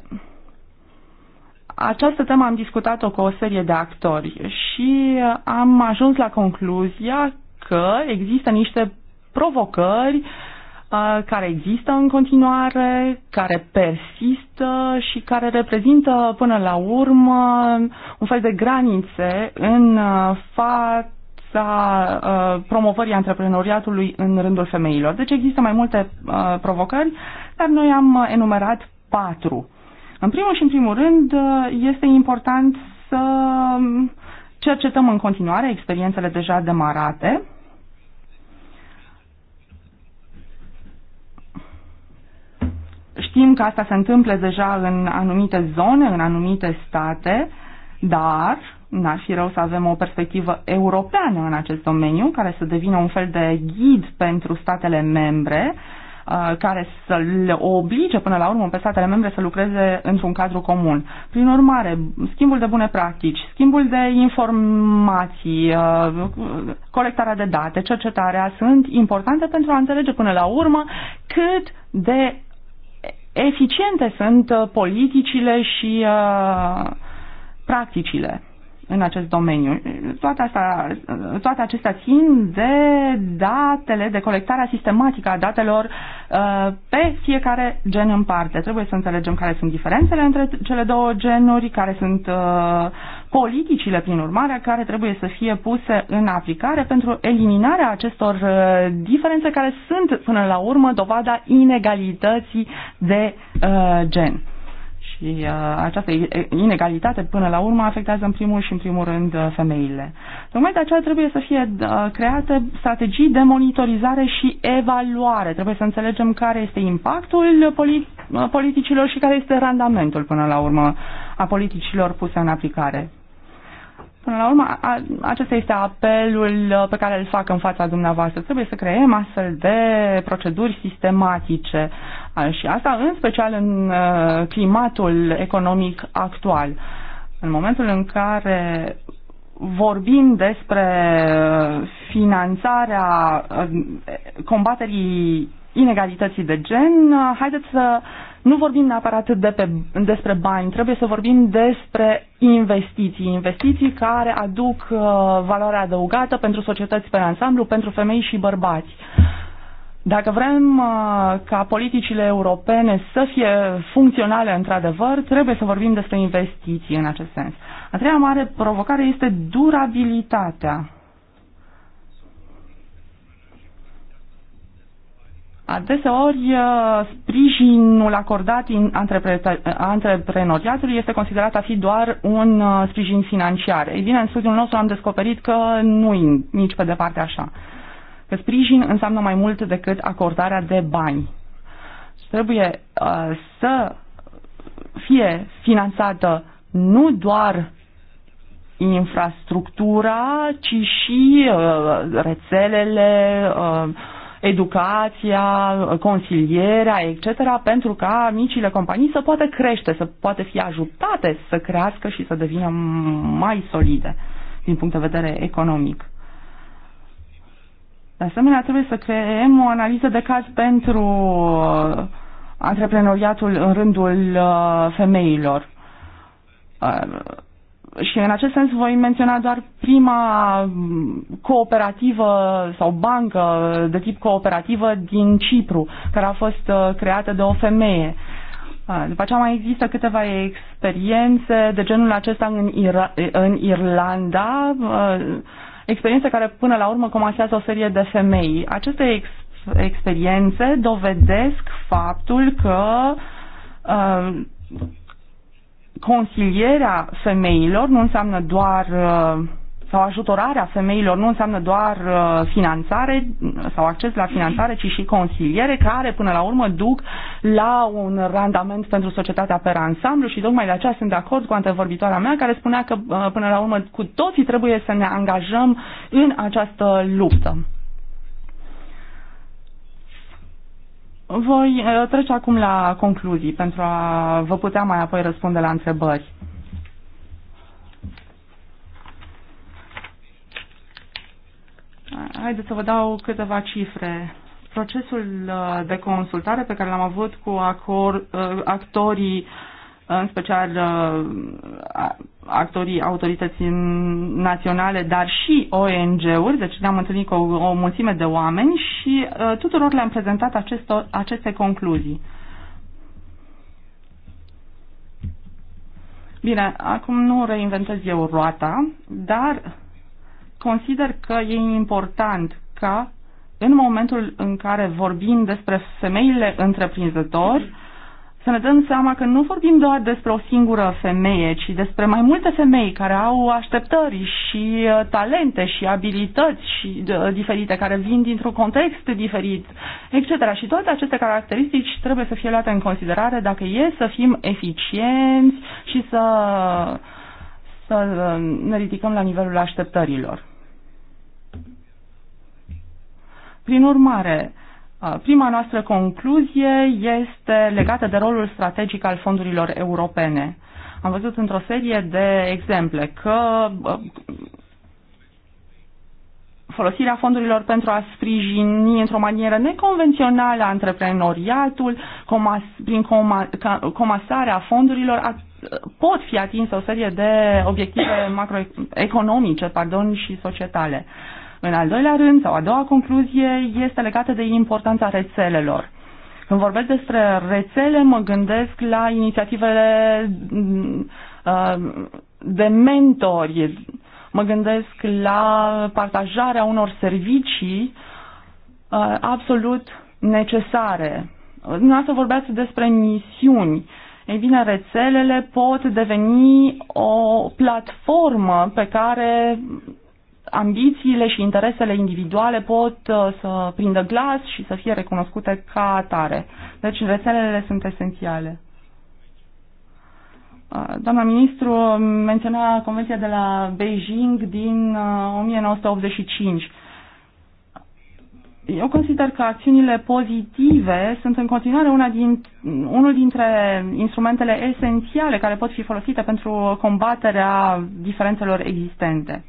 această temă am discutat-o cu o serie de actori și am ajuns la concluzia că există niște provocări uh, care există în continuare, care persistă și care reprezintă până la urmă un fel de granițe în uh, fața lipsa uh, promovării antreprenoriatului în rândul femeilor. Deci există mai multe provocări, dar noi am enumerat patru. În primul și în primul rând este important să cercetăm în continuare experiențele deja demarate, Știm că asta se întâmplă deja în anumite zone, în anumite state, dar n-ar fi rău să avem o perspectivă europeană în acest domeniu, care să devină un fel de ghid pentru statele membre, uh, care să le oblige până la urmă pe statele membre să lucreze într-un cadru comun. Prin urmare, schimbul de bune practici, schimbul de informații, uh, colectarea de date, cercetarea sunt importante pentru a înțelege până la urmă cât de eficiente sunt uh, politicile și uh, practicile în acest domeniu. Toate, asta, uh, toate acestea țin de datele, de colectarea sistematică a datelor pe fiecare gen în parte. Trebuie să înțelegem care sunt diferențele între cele două genuri, care sunt politicile, prin urmare, care trebuie să fie puse în aplicare pentru eliminarea acestor uh, diferențe care sunt, până la urmă, dovada inegalității de uh, gen. Și uh, această inegalitate, până la urmă, afectează în primul și în primul rând uh, femeile. Tocmai de aceea trebuie să fie uh, create strategii de monitorizare și evaluare. Trebuie să înțelegem care este impactul polit- uh, politicilor și care este randamentul, până la urmă, a politicilor puse în aplicare. Până la urmă, a, acesta este apelul uh, pe care îl fac în fața dumneavoastră. Trebuie să creăm astfel de proceduri sistematice uh, și asta în special în uh, climatul economic actual. În momentul în care vorbim despre finanțarea combaterii inegalității de gen, haideți să uh, nu vorbim neapărat de pe, despre bani, trebuie să vorbim despre investiții. Investiții care aduc uh, valoare adăugată pentru societăți pe ansamblu, pentru femei și bărbați. Dacă vrem uh, ca politicile europene să fie funcționale într-adevăr, trebuie să vorbim despre investiții în acest sens. A treia mare provocare este durabilitatea Adeseori, uh, sprijinul acordat antreprenoriatului este considerat a fi doar un uh, sprijin financiar. Ei bine, în studiul nostru am descoperit că nu e nici pe departe așa. Că sprijin înseamnă mai mult decât acordarea de bani. Trebuie uh, să fie finanțată nu doar infrastructura, ci și rețelele, educația, consilierea, etc., pentru ca micile companii să poată crește, să poată fi ajutate să crească și să devină mai solide din punct de vedere economic. De asemenea, trebuie să creăm o analiză de caz pentru uh, antreprenoriatul în rândul uh, femeilor și în acest sens voi menționa doar prima cooperativă sau bancă de tip cooperativă din Cipru, care a fost uh, creată de o femeie. Uh, după aceea mai există câteva experiențe de genul acesta în, Ir- în Irlanda, uh, experiențe care până la urmă comasează o serie de femei. Aceste ex- experiențe dovedesc faptul că uh, consilierea femeilor nu înseamnă doar uh, sau ajutorarea femeilor nu înseamnă doar uh, finanțare sau acces la finanțare, ci și consiliere care până la urmă duc la un randament pentru societatea pe ansamblu și tocmai de aceea sunt de acord cu antevorbitoarea mea care spunea că uh, până la urmă cu toții trebuie să ne angajăm în această luptă. Voi uh, trece acum la concluzii pentru a vă putea mai apoi răspunde la întrebări. Haideți să vă dau câteva cifre. Procesul uh, de consultare pe care l-am avut cu uh, actorii uh, în special uh, actorii, autorității naționale, dar și ONG-uri, deci ne-am întâlnit cu o, o mulțime de oameni și uh, tuturor le-am prezentat acesto, aceste concluzii. Bine, acum nu reinventez eu roata, dar consider că e important ca în momentul în care vorbim despre femeile întreprinzători, uh, să ne dăm seama că nu vorbim doar despre o singură femeie, ci despre mai multe femei care au așteptări și uh, talente și abilități și uh, diferite, care vin dintr-un context diferit, etc. Și toate aceste caracteristici trebuie să fie luate în considerare dacă e să fim eficienți și să, să uh, ne ridicăm la nivelul așteptărilor. Prin urmare, uh, Prima noastră concluzie este legată de rolul strategic al fondurilor europene. Am văzut într-o serie de exemple că folosirea fondurilor pentru a sprijini într-o manieră neconvențională antreprenoriatul, comas, prin coma, comasarea fondurilor, a, pot fi atinse o serie de obiective macroeconomice pardon, și societale. În al doilea rând, sau a doua concluzie, este legată de importanța rețelelor. Când vorbesc despre rețele, mă gândesc la inițiativele mm, uh, de mentori, mă gândesc la partajarea unor servicii uh, absolut necesare. Dumneavoastră vorbeați despre misiuni. Ei bine, rețelele pot deveni o platformă pe care ambițiile și interesele individuale pot uh, să prindă glas și să fie recunoscute ca atare. Deci rețelele sunt esențiale. Uh, doamna ministru menționa Convenția de la Beijing din 1985. Uh, Eu consider că acțiunile pozitive sunt în continuare una din, unul dintre instrumentele esențiale care pot fi folosite pentru combaterea diferențelor existente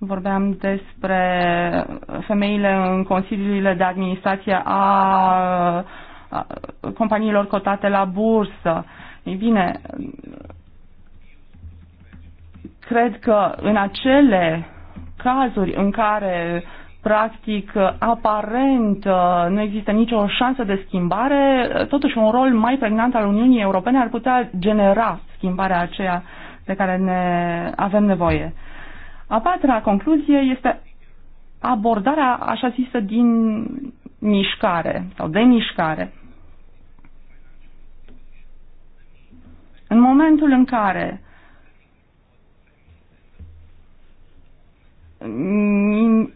vorbeam despre femeile în consiliile de administrație a companiilor cotate la bursă. Ei bine, cred că în acele cazuri în care practic aparent nu există nicio șansă de schimbare, totuși un rol mai pregnant al Uniunii Europene ar putea genera schimbarea aceea de care ne avem nevoie. A patra concluzie este abordarea așa zisă din mișcare sau de mișcare. În momentul în care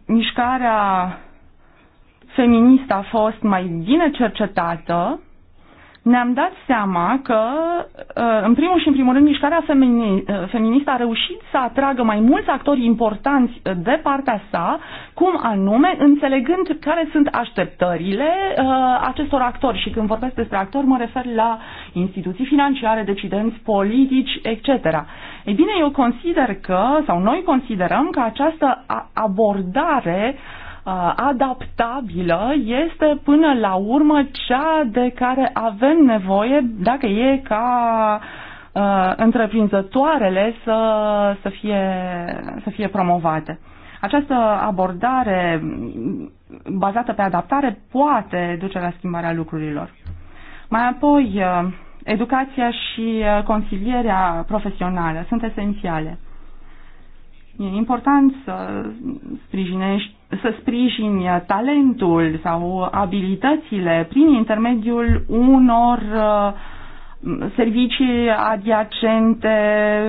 mișcarea feministă a fost mai bine cercetată, ne-am dat seama că, uh, în primul și în primul rând, mișcarea uh, feministă a reușit să atragă mai mulți actori importanți uh, de partea sa, cum anume, înțelegând care sunt așteptările acestor actori. Și când vorbesc despre actori, mă refer la instituții financiare, decidenți politici, etc. Ei bine, eu consider că, sau noi considerăm că această abordare uh, Uh, adaptabilă este până la urmă cea de care avem nevoie dacă e ca uh, întreprinzătoarele să, să, fie, să fie promovate. Această abordare bazată pe adaptare poate duce la schimbarea lucrurilor. Mai apoi, uh, educația și consilierea profesională sunt esențiale. E important să sprijinești să sprijini talentul sau abilitățile prin intermediul unor uh, servicii adiacente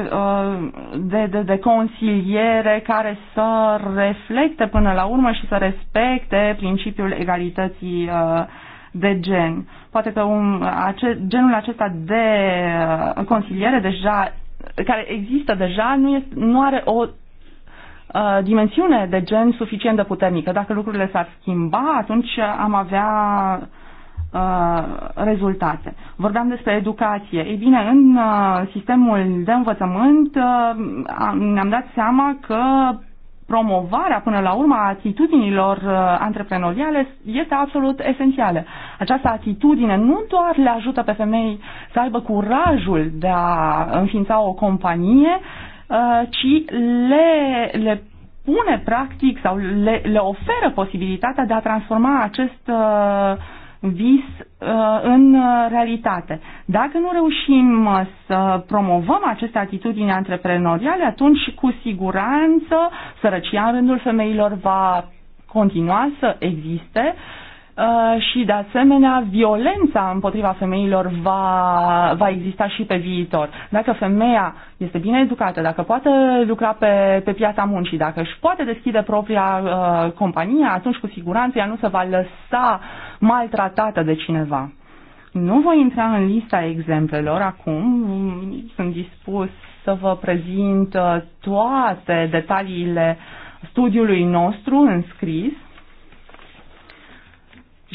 uh, de, de, de consiliere care să reflecte până la urmă și să respecte principiul egalității uh, de gen. Poate că un, ace, genul acesta de consiliere deja care există deja nu, este, nu are o Uh, dimensiune de gen suficient de puternică. Dacă lucrurile s-ar schimba, atunci am avea uh, rezultate. Vorbeam despre educație. Ei bine, în uh, sistemul de învățământ ne-am dat seama că promovarea până la urmă a atitudinilor antreprenoriale este absolut esențială. Această atitudine nu doar le ajută pe femei să aibă curajul de a înființa o companie, Uh, ci le, le pune practic sau le, le oferă posibilitatea de a transforma acest uh, vis uh, în realitate. Dacă nu reușim să promovăm aceste atitudini antreprenoriale, atunci cu siguranță sărăcia în rândul femeilor va continua să existe Uh, și, de asemenea, violența împotriva femeilor va, va exista și pe viitor. Dacă femeia este bine educată, dacă poate lucra pe, pe piața muncii, dacă își poate deschide propria uh, companie, atunci, cu siguranță, ea nu se va lăsa maltratată de cineva. Nu voi intra în lista exemplelor acum, sunt dispus să vă prezint uh, toate detaliile studiului nostru înscris,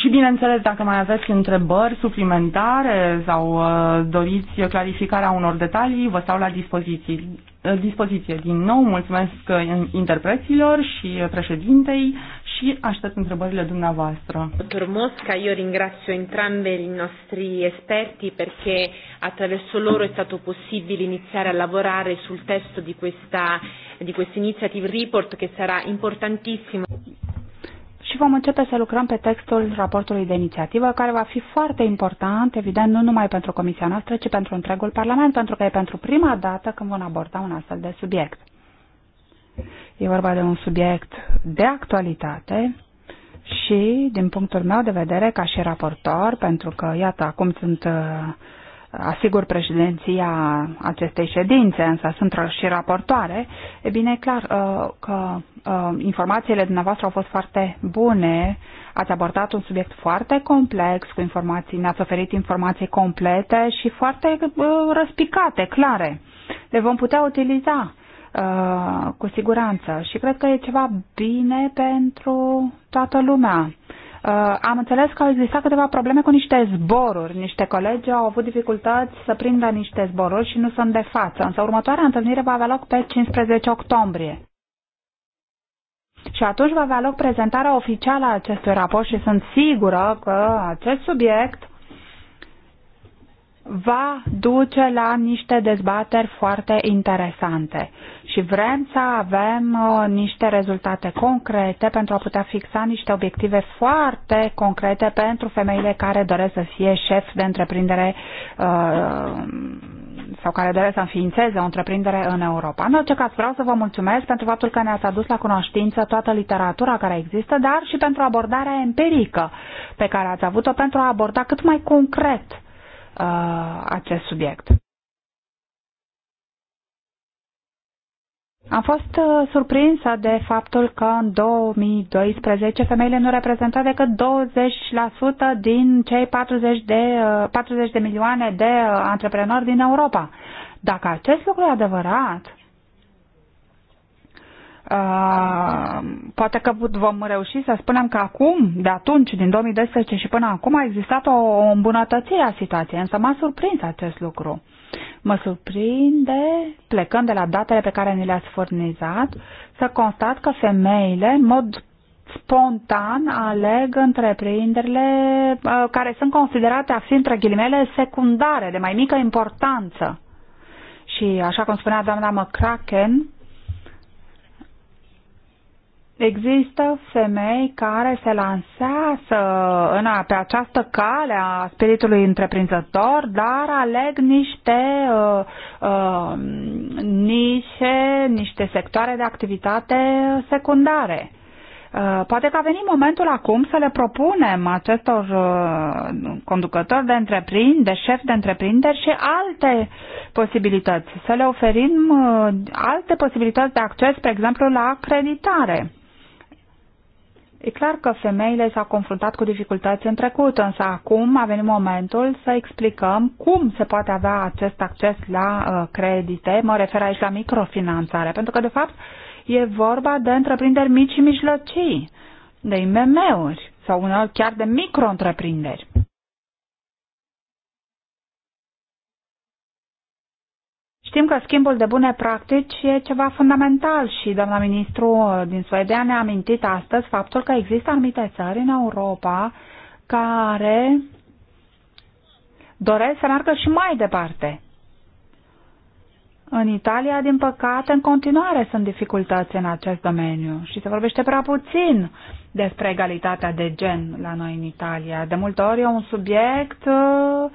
și bineînțeles, dacă mai aveți întrebări suplimentare sau uh, doriți clarificarea unor detalii, vă stau la dispoziție. Uh, dispoziție. Din nou, mulțumesc uh, interpreților și președintei și aștept întrebările dumneavoastră. Dottor Mosca, eu ringrazio entrambi i nostri esperti perché attraverso loro è stato possibile iniziare a lavorare sul testo di questa di questa iniziative report che sarà importantissimo și vom începe să lucrăm pe textul raportului de inițiativă, care va fi foarte important, evident, nu numai pentru Comisia noastră, ci pentru întregul Parlament, pentru că e pentru prima dată când vom aborda un astfel de subiect. E vorba de un subiect de actualitate și, din punctul meu de vedere, ca și raportor, pentru că, iată, acum sunt uh, asigur președinția acestei ședințe, însă sunt și raportoare, e bine, clar uh, că uh, informațiile dumneavoastră au fost foarte bune, ați abordat un subiect foarte complex cu informații, ne-ați oferit informații complete și foarte uh, răspicate, clare. Le vom putea utiliza cu siguranță și cred că e ceva bine pentru toată lumea Uh, am înțeles că au existat câteva probleme cu niște zboruri. Niște colegi au avut dificultăți să prindă niște zboruri și nu sunt de față. Însă următoarea întâlnire va avea loc pe 15 octombrie. Și atunci va avea loc prezentarea oficială a acestui raport și sunt sigură că acest subiect va duce la niște dezbateri foarte interesante și vrem să avem uh, niște rezultate concrete pentru a putea fixa niște obiective foarte concrete pentru femeile care doresc să fie șef de întreprindere uh, sau care doresc să înființeze o întreprindere în Europa. În orice caz, vreau să vă mulțumesc pentru faptul că ne-ați adus la cunoștință toată literatura care există, dar și pentru abordarea empirică pe care ați avut-o pentru a aborda cât mai concret uh, acest subiect. Am fost uh, surprinsă de faptul că în 2012 femeile nu reprezentau decât 20% din cei 40 de, 40 uh, de milioane de uh, antreprenori din Europa. Dacă acest lucru e adevărat, Ah, poate că vom reuși să spunem că acum, de atunci, din 2012 și până acum, a existat o, o îmbunătățire a situației, însă m-a surprins acest lucru. Mă surprinde, plecând de la datele pe care ni le-ați furnizat, să constat că femeile, în mod spontan, aleg întreprinderile ah, care sunt considerate a fi, între ghilimele, secundare, de mai mică importanță. Și, așa cum spunea doamna McCracken, Există femei care se lansează în, a, pe această cale a spiritului întreprinzător, dar aleg niște uh, uh, nișe, niște sectoare de activitate secundare. Uh, poate că a venit momentul acum să le propunem acestor uh, conducători de întreprinderi, de șef de întreprinderi și alte posibilități, să le oferim uh, alte posibilități de acces, spre exemplu, la acreditare. E clar că femeile s-au confruntat cu dificultăți în trecut, însă acum a venit momentul să explicăm cum se poate avea acest acces la uh, credite. Mă refer aici la microfinanțare, pentru că, de fapt, e vorba de întreprinderi mici și mijlocii, de IMM-uri sau uneori chiar de micro-întreprinderi. Știm că schimbul de bune practici e ceva fundamental și doamna ministru din Suedia ne-a amintit astăzi faptul că există anumite țări în Europa care doresc să meargă și mai departe. În Italia, din păcate, în continuare sunt dificultăți în acest domeniu și se vorbește prea puțin despre egalitatea de gen la noi în Italia. De multe ori e un subiect, uh,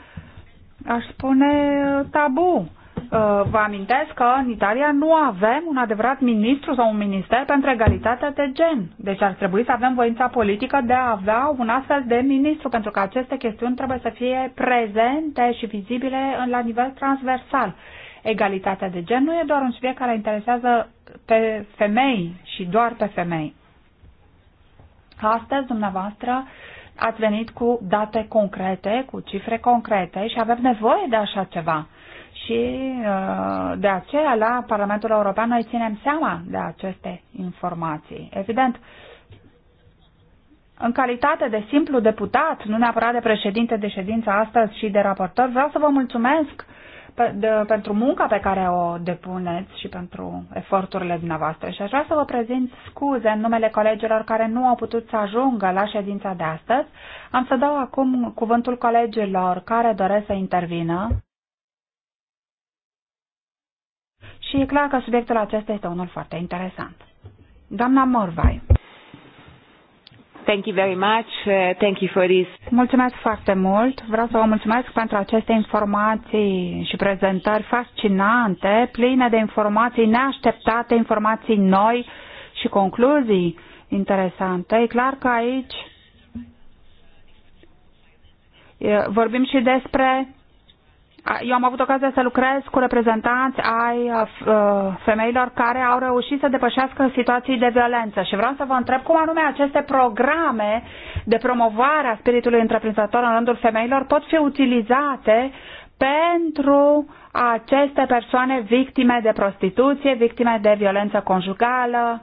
aș spune, uh, tabu Uh, vă amintesc că în Italia nu avem un adevărat ministru sau un minister pentru egalitatea de gen. Deci ar trebui să avem voința politică de a avea un astfel de ministru, pentru că aceste chestiuni trebuie să fie prezente și vizibile la nivel transversal. Egalitatea de gen nu e doar un subiect care interesează pe femei și doar pe femei. Astăzi, dumneavoastră, ați venit cu date concrete, cu cifre concrete și avem nevoie de așa ceva și uh, de aceea la Parlamentul European noi ținem seama de aceste informații. Evident, în calitate de simplu deputat, nu neapărat de președinte de ședință astăzi și de raportor, vreau să vă mulțumesc pe, de, pentru munca pe care o depuneți și pentru eforturile dumneavoastră. Și aș vrea să vă prezint scuze în numele colegilor care nu au putut să ajungă la ședința de astăzi. Am să dau acum cuvântul colegilor care doresc să intervină. și e clar că subiectul acesta este unul foarte interesant. Doamna Morvai. Thank you very much. Uh, thank you for this. Mulțumesc foarte mult. Vreau să vă mulțumesc pentru aceste informații și prezentări fascinante, pline de informații neașteptate, informații noi și concluzii interesante. E clar că aici vorbim și despre eu am avut ocazia să lucrez cu reprezentanți ai uh, uh, femeilor care au reușit să depășească situații de violență și vreau să vă întreb cum anume aceste programe de promovare a spiritului întreprinzător în rândul femeilor pot fi utilizate pentru aceste persoane victime de prostituție, victime de violență conjugală.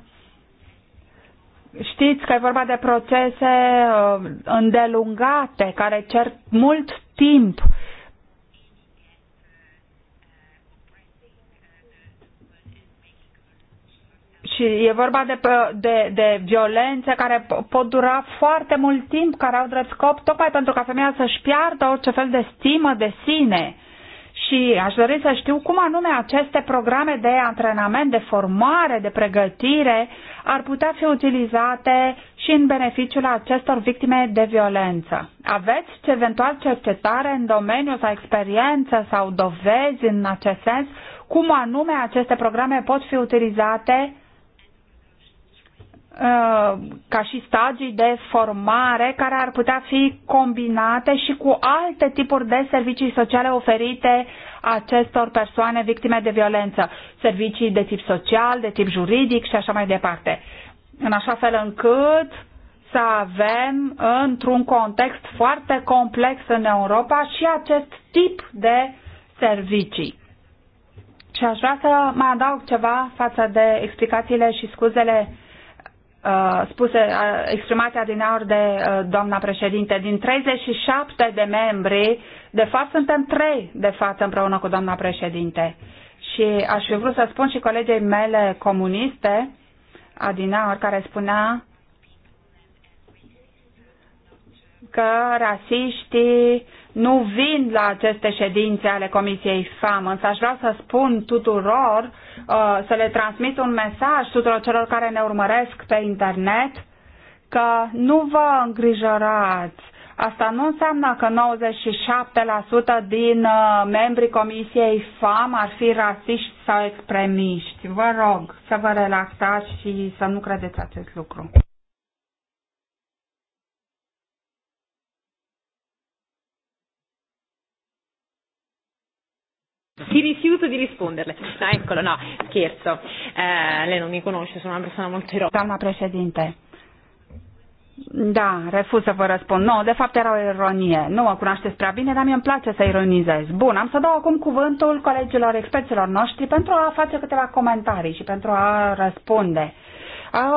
Știți că e vorba de procese uh, îndelungate care cer mult timp uh, și deci, e vorba de, de, de violențe care pot dura foarte mult timp, care au drept scop tocmai pentru ca femeia să-și piardă orice fel de stimă de sine. Și aș dori să știu cum anume aceste programe de antrenament, de formare, de pregătire ar putea fi utilizate și în beneficiul acestor victime de violență. Aveți eventual cercetare în domeniu sau experiență sau dovezi în acest sens? Cum anume aceste programe pot fi utilizate Uh, ca și stagii de formare care ar putea fi combinate și cu alte tipuri de servicii sociale oferite acestor persoane victime de violență, servicii de tip social, de tip juridic și așa mai departe. În așa fel încât să avem într-un context foarte complex în Europa și acest tip de servicii. Și aș vrea să mai adaug ceva față de explicațiile și scuzele Uh, spuse, uh, exprimate adineauri de uh, doamna președinte. Din 37 de membri, de fapt suntem trei de față împreună cu doamna președinte. Și aș fi vrut să spun și colegei mele comuniste, adineauri, care spunea că rasiștii nu vin la aceste ședințe ale Comisiei FAM, însă aș vrea să spun tuturor Uh, să le transmit un mesaj tuturor celor care ne urmăresc pe internet că nu vă îngrijorați. Asta nu înseamnă că 97% din uh, membrii Comisiei FAM ar fi rasiști sau extremiști. Vă rog să vă relaxați și să nu credeți acest lucru. Si rifiuto di risponderle. No, eccolo, no, scherzo. Eh, lei non mi conosce, sono una persona molto eroica. Calma președinte, da, refuz să vă răspund. Nu, de fapt era o ironie. Nu mă cunoașteți prea bine, dar mie îmi place să ironizez. Bun, am să dau acum cuvântul colegilor, experților noștri pentru a face câteva comentarii și pentru a răspunde.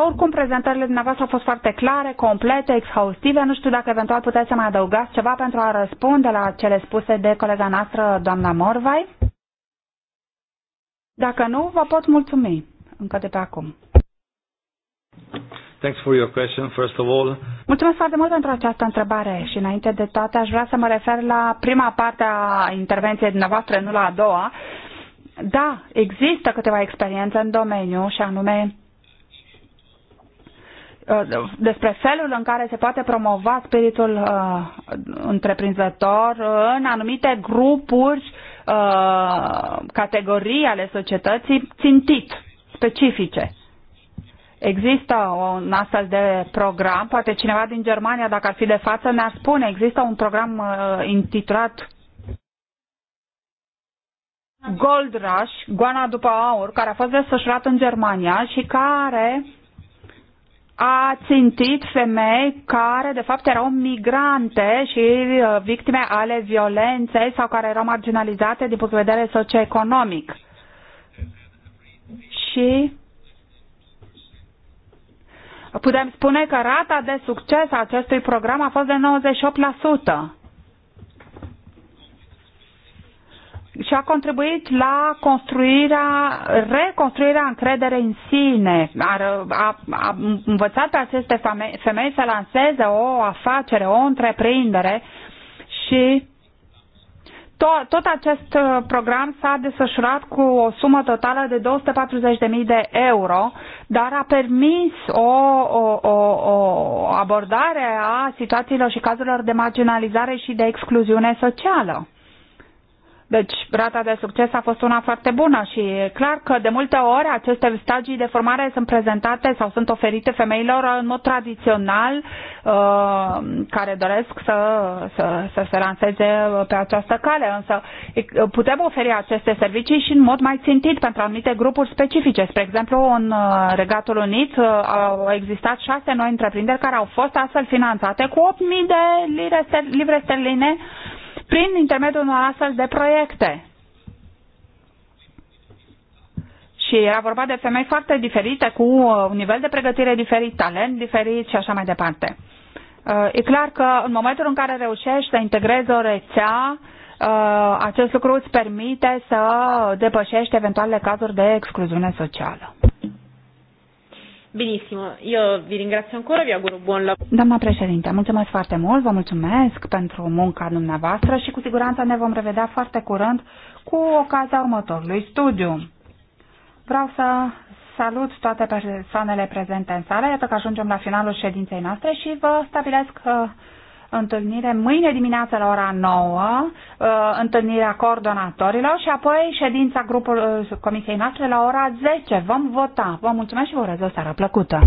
Oricum, prezentările dumneavoastră au fost foarte clare, complete, exhaustive. Nu știu dacă eventual puteți să mai adăugați ceva pentru a răspunde la cele spuse de colega noastră, doamna Morvai. Dacă nu, vă pot mulțumi încă de pe acum. Thanks for your question, first of all. Mulțumesc foarte mult pentru această întrebare și înainte de toate aș vrea să mă refer la prima parte a intervenției dumneavoastră, nu la a doua. Da, există câteva experiențe în domeniu și anume uh, despre felul în care se poate promova spiritul uh, întreprinzător în anumite grupuri uh, uh, categorii ale societății țintit, specifice. Există un astfel de program, poate cineva din Germania, dacă ar fi de față, ne-ar spune, există un program uh, intitulat Gold Rush, Goana după aur, care a fost desfășurat în Germania și care a țintit femei care, de fapt, erau migrante și uh, victime ale violenței sau care erau marginalizate din punct de vedere socioeconomic. Și putem spune că rata de succes a acestui program a fost de 98%. și a contribuit la construirea, reconstruirea încrederei în sine. A, a, a învățat pe aceste femei, femei să lanseze o afacere, o întreprindere și tot, tot acest uh, program s-a desfășurat cu o sumă totală de 240.000 de euro, dar a permis o, o, o, o abordare a situațiilor și cazurilor de marginalizare și de excluziune socială. Deci rata de succes a fost una foarte bună și e clar că de multe ori aceste stagii de formare sunt prezentate sau sunt oferite femeilor în mod tradițional uh, care doresc să, să, să se lanseze pe această cale. Însă putem oferi aceste servicii și în mod mai țintit pentru anumite grupuri specifice. Spre exemplu, în uh, Regatul Unit uh, au existat șase noi întreprinderi care au fost astfel finanțate cu 8.000 de lire, livre sterline prin intermediul unor astfel de proiecte. Și era vorba de femei foarte diferite, cu uh, un nivel de pregătire diferit, talent diferit și așa mai departe. Uh, e clar că în momentul în care reușești să integrezi o rețea, uh, acest lucru îți permite să depășești eventuale cazuri de excluziune socială. Benissimo, io vi ringrazio ancora, vi auguro buon lavoro. Doamna președinte, mulțumesc foarte mult, vă mulțumesc pentru munca dumneavoastră și cu siguranță ne vom revedea foarte curând cu ocazia următorului studiu. Vreau să salut toate persoanele prezente în sală, iată că ajungem la finalul ședinței noastre și vă stabilesc întâlnire mâine dimineață la ora 9, uh, întâlnirea coordonatorilor și apoi ședința grupului uh, comisiei noastre la ora 10. Vom vota. Vă mulțumesc și vă urez o seară plăcută.